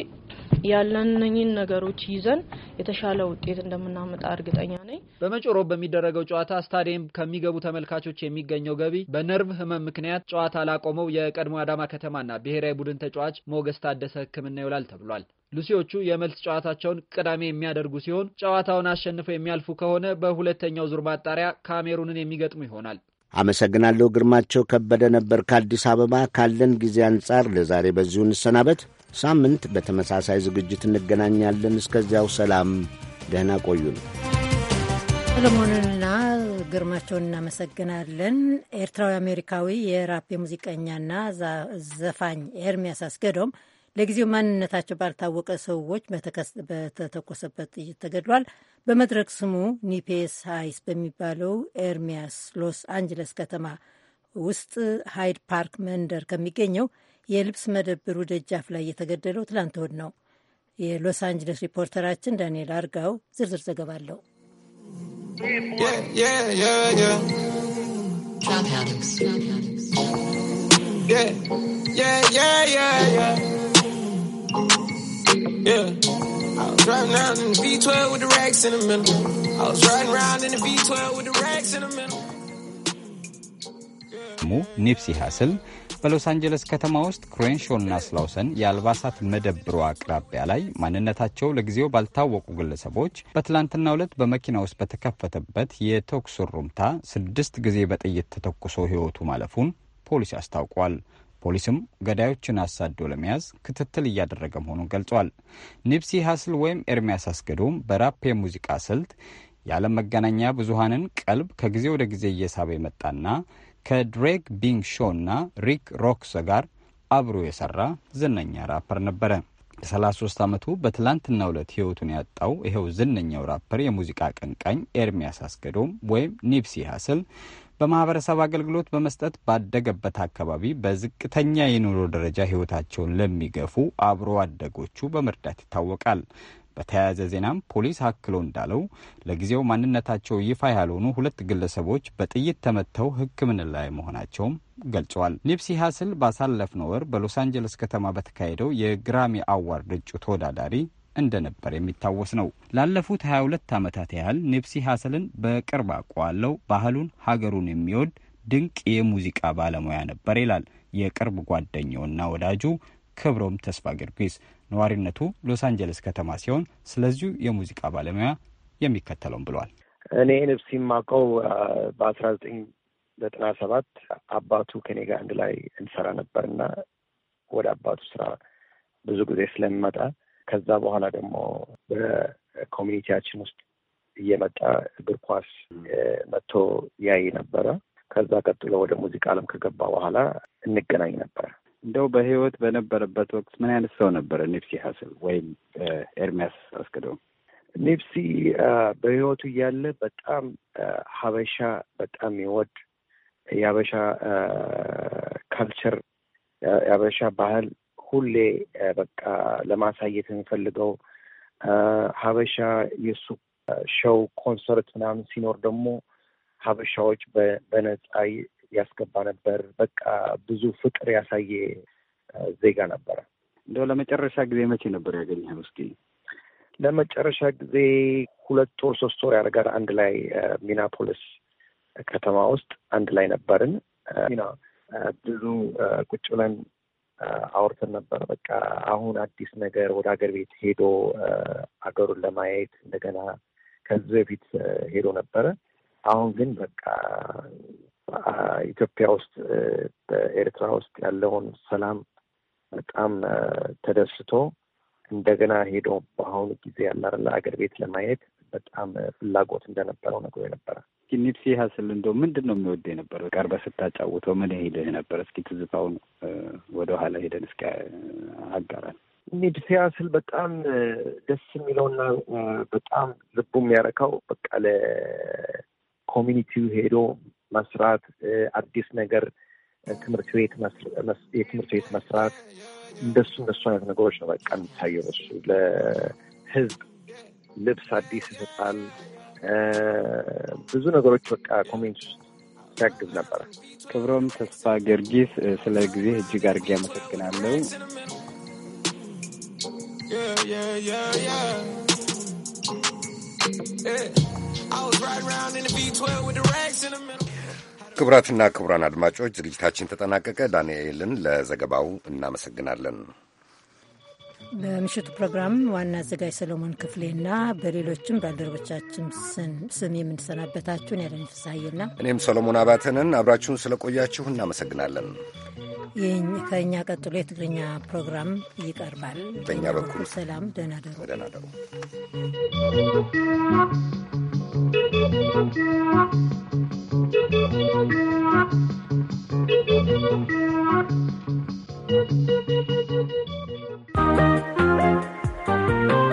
ያለንኝን ነገሮች ይዘን የተሻለ ውጤት እንደምናመጣ እርግጠኛ ነኝ። በመጪው ሮብ በሚደረገው ጨዋታ ስታዲየም ከሚገቡ ተመልካቾች የሚገኘው ገቢ በነርቭ ህመም ምክንያት ጨዋታ ላቆመው የቀድሞ አዳማ ከተማና ብሔራዊ ቡድን ተጫዋች ሞገስ ታደሰ ሕክምና ይውላል ተብሏል። ሉሲዎቹ የመልስ ጨዋታቸውን ቅዳሜ የሚያደርጉ ሲሆን ጨዋታውን አሸንፈው የሚያልፉ ከሆነ በሁለተኛው ዙር ማጣሪያ ካሜሩንን የሚገጥሙ ይሆናል። አመሰግናለሁ። ግርማቸው ከበደ ነበር ከአዲስ አበባ። ካለን ጊዜ አንጻር ለዛሬ በዚሁ እንሰናበት። ሳምንት በተመሳሳይ ዝግጅት እንገናኛለን። እስከዚያው ሰላም፣ ደህና ቆዩን። ሰለሞንንና ግርማቸውን እናመሰግናለን። ኤርትራዊ አሜሪካዊ የራፕ ሙዚቀኛና ዘፋኝ ኤርሚያስ አስገዶም ለጊዜው ማንነታቸው ባልታወቀ ሰዎች በተተኮሰበት ጥይት ተገድሏል። በመድረክ ስሙ ኒፔስ ሃይስ በሚባለው ኤርሚያስ ሎስ አንጅለስ ከተማ ውስጥ ሃይድ ፓርክ መንደር ከሚገኘው የልብስ መደብሩ ደጃፍ ላይ የተገደለው ትላንት እሁድ ነው። የሎስ አንጅለስ ሪፖርተራችን ዳንኤል አርጋው ዝርዝር ዘገባ አለው። Yeah, yeah, yeah, yeah. Yeah. I was around in the V12 with the racks in the middle. I was riding around in the V12 with the racks in the middle. ኒፕሲ ሀስል በሎስ አንጀለስ ከተማ ውስጥ ክሬንሾና ስላውሰን የአልባሳት መደብሯ አቅራቢያ ላይ ማንነታቸው ለጊዜው ባልታወቁ ግለሰቦች በትላንትና ዕለት በመኪና ውስጥ በተከፈተበት የተኩስ ሩምታ ስድስት ጊዜ በጥይት ተተኩሶ ሕይወቱ ማለፉን ፖሊስ አስታውቋል። ፖሊስም ገዳዮችን አሳዶ ለመያዝ ክትትል እያደረገ መሆኑን ገልጿል። ኒፕሲ ሀስል ወይም ኤርሚያስ አስገዶም በራፕ የሙዚቃ ስልት የዓለም መገናኛ ብዙሀንን ቀልብ ከጊዜ ወደ ጊዜ እየሳበ የመጣና ከድሬግ ቢንግ ሾ እና ሪክ ሮክስ ጋር አብሮ የሰራ ዝነኛ ራፐር ነበረ። የ33 ዓመቱ በትላንትና ዕለት ሕይወቱን ያጣው ይኸው ዝነኛው ራፐር የሙዚቃ አቀንቃኝ ኤርሚያስ አስገዶም ወይም ኒፕሲ ሀስል በማህበረሰብ አገልግሎት በመስጠት ባደገበት አካባቢ በዝቅተኛ የኑሮ ደረጃ ህይወታቸውን ለሚገፉ አብሮ አደጎቹ በመርዳት ይታወቃል። በተያያዘ ዜናም ፖሊስ አክሎ እንዳለው ለጊዜው ማንነታቸው ይፋ ያልሆኑ ሁለት ግለሰቦች በጥይት ተመተው ሕክምና ላይ መሆናቸውም ገልጸዋል። ኒፕሲ ሀስል ባሳለፍነው ወር በሎስ አንጀለስ ከተማ በተካሄደው የግራሚ አዋርድ እጩ ተወዳዳሪ እንደነበር የሚታወስ ነው። ላለፉት 22 ዓመታት ያህል ኒፕሲ ሀሰልን በቅርብ አውቀዋለሁ። ባህሉን፣ ሀገሩን የሚወድ ድንቅ የሙዚቃ ባለሙያ ነበር ይላል የቅርብ ጓደኛውና ወዳጁ ክብሮም ተስፋ ጊዮርጊስ። ነዋሪነቱ ሎስ አንጀለስ ከተማ ሲሆን ስለዚሁ የሙዚቃ ባለሙያ የሚከተለውም ብሏል። እኔ ንብሲ ማቀው በአስራ ዘጠኝ ዘጠና ሰባት አባቱ ከኔ ጋር አንድ ላይ እንሰራ ነበርና ወደ አባቱ ስራ ብዙ ጊዜ ስለሚመጣ ከዛ በኋላ ደግሞ በኮሚኒቲያችን ውስጥ እየመጣ እግር ኳስ መጥቶ ያይ ነበረ። ከዛ ቀጥሎ ወደ ሙዚቃ ዓለም ከገባ በኋላ እንገናኝ ነበር። እንደው በህይወት በነበረበት ወቅት ምን አይነት ሰው ነበረ ኒፕሲ ሀስል ወይም ኤርሚያስ አስገዶም? ኒፕሲ በህይወቱ እያለ በጣም ሀበሻ በጣም ይወድ የሀበሻ ካልቸር የሀበሻ ባህል ሁሌ በቃ ለማሳየት የምፈልገው ሀበሻ የእሱ ሸው ኮንሰርት ምናምን ሲኖር ደግሞ ሀበሻዎች በነፃ ያስገባ ነበር። በቃ ብዙ ፍቅር ያሳየ ዜጋ ነበረ። እንደው ለመጨረሻ ጊዜ መቼ ነበር ያገኘ እስኪ ለመጨረሻ ጊዜ ሁለት ወር ሶስት ወር ያደርጋል። አንድ ላይ ሚናፖሊስ ከተማ ውስጥ አንድ ላይ ነበርን። ብዙ ቁጭ ብለን አውርተን ነበረ። በቃ አሁን አዲስ ነገር ወደ ሀገር ቤት ሄዶ አገሩን ለማየት እንደገና ከዚህ በፊት ሄዶ ነበረ። አሁን ግን በቃ ኢትዮጵያ ውስጥ በኤርትራ ውስጥ ያለውን ሰላም በጣም ተደስቶ እንደገና ሄዶ በአሁኑ ጊዜ ያላለ አገር ቤት ለማየት በጣም ፍላጎት እንደነበረው ነግሮ የነበረ ኒፕሲ ሀስል እንደ ምንድን ነው የሚወደ የነበረው? ቀርበ ስታጫውተው ምን ይልህ ነበር? እስኪ ትዝታውን ወደ ኋላ ሄደን እስኪ አጋራል። ኒፕሲ ሀስል በጣም ደስ የሚለውና በጣም ልቡ የሚያረካው በቃ ለኮሚኒቲው ሄዶ መስራት አዲስ ነገር ትምህርት ቤት የትምህርት ቤት መስራት እንደሱ እንደሱ አይነት ነገሮች ነው በቃ የሚታየው እሱ ለህዝብ ልብስ አዲስ ይሰጣል። ብዙ ነገሮች በቃ ኮሜንት ውስጥ ያግዝ ነበረ። ክብሮም ተስፋ ጊዮርጊስ ስለ ጊዜ እጅግ አድርጌ አመሰግናለሁ። ክቡራትና ክቡራን አድማጮች ዝግጅታችን ተጠናቀቀ። ዳንኤልን ለዘገባው እናመሰግናለን። በምሽቱ ፕሮግራም ዋና አዘጋጅ ክፍሌ ክፍሌና በሌሎችም ባልደረቦቻችን ስም የምንሰናበታችሁን ያለን እኔም ሰሎሞን አባተንን አብራችሁን ስለቆያችሁ እናመሰግናለን። ከእኛ ቀጥሎ የትግርኛ ፕሮግራም ይቀርባል። በእኛ በኩል ሰላም፣ ደህና ደሩ፣ ደህና ደሩ። Thank you.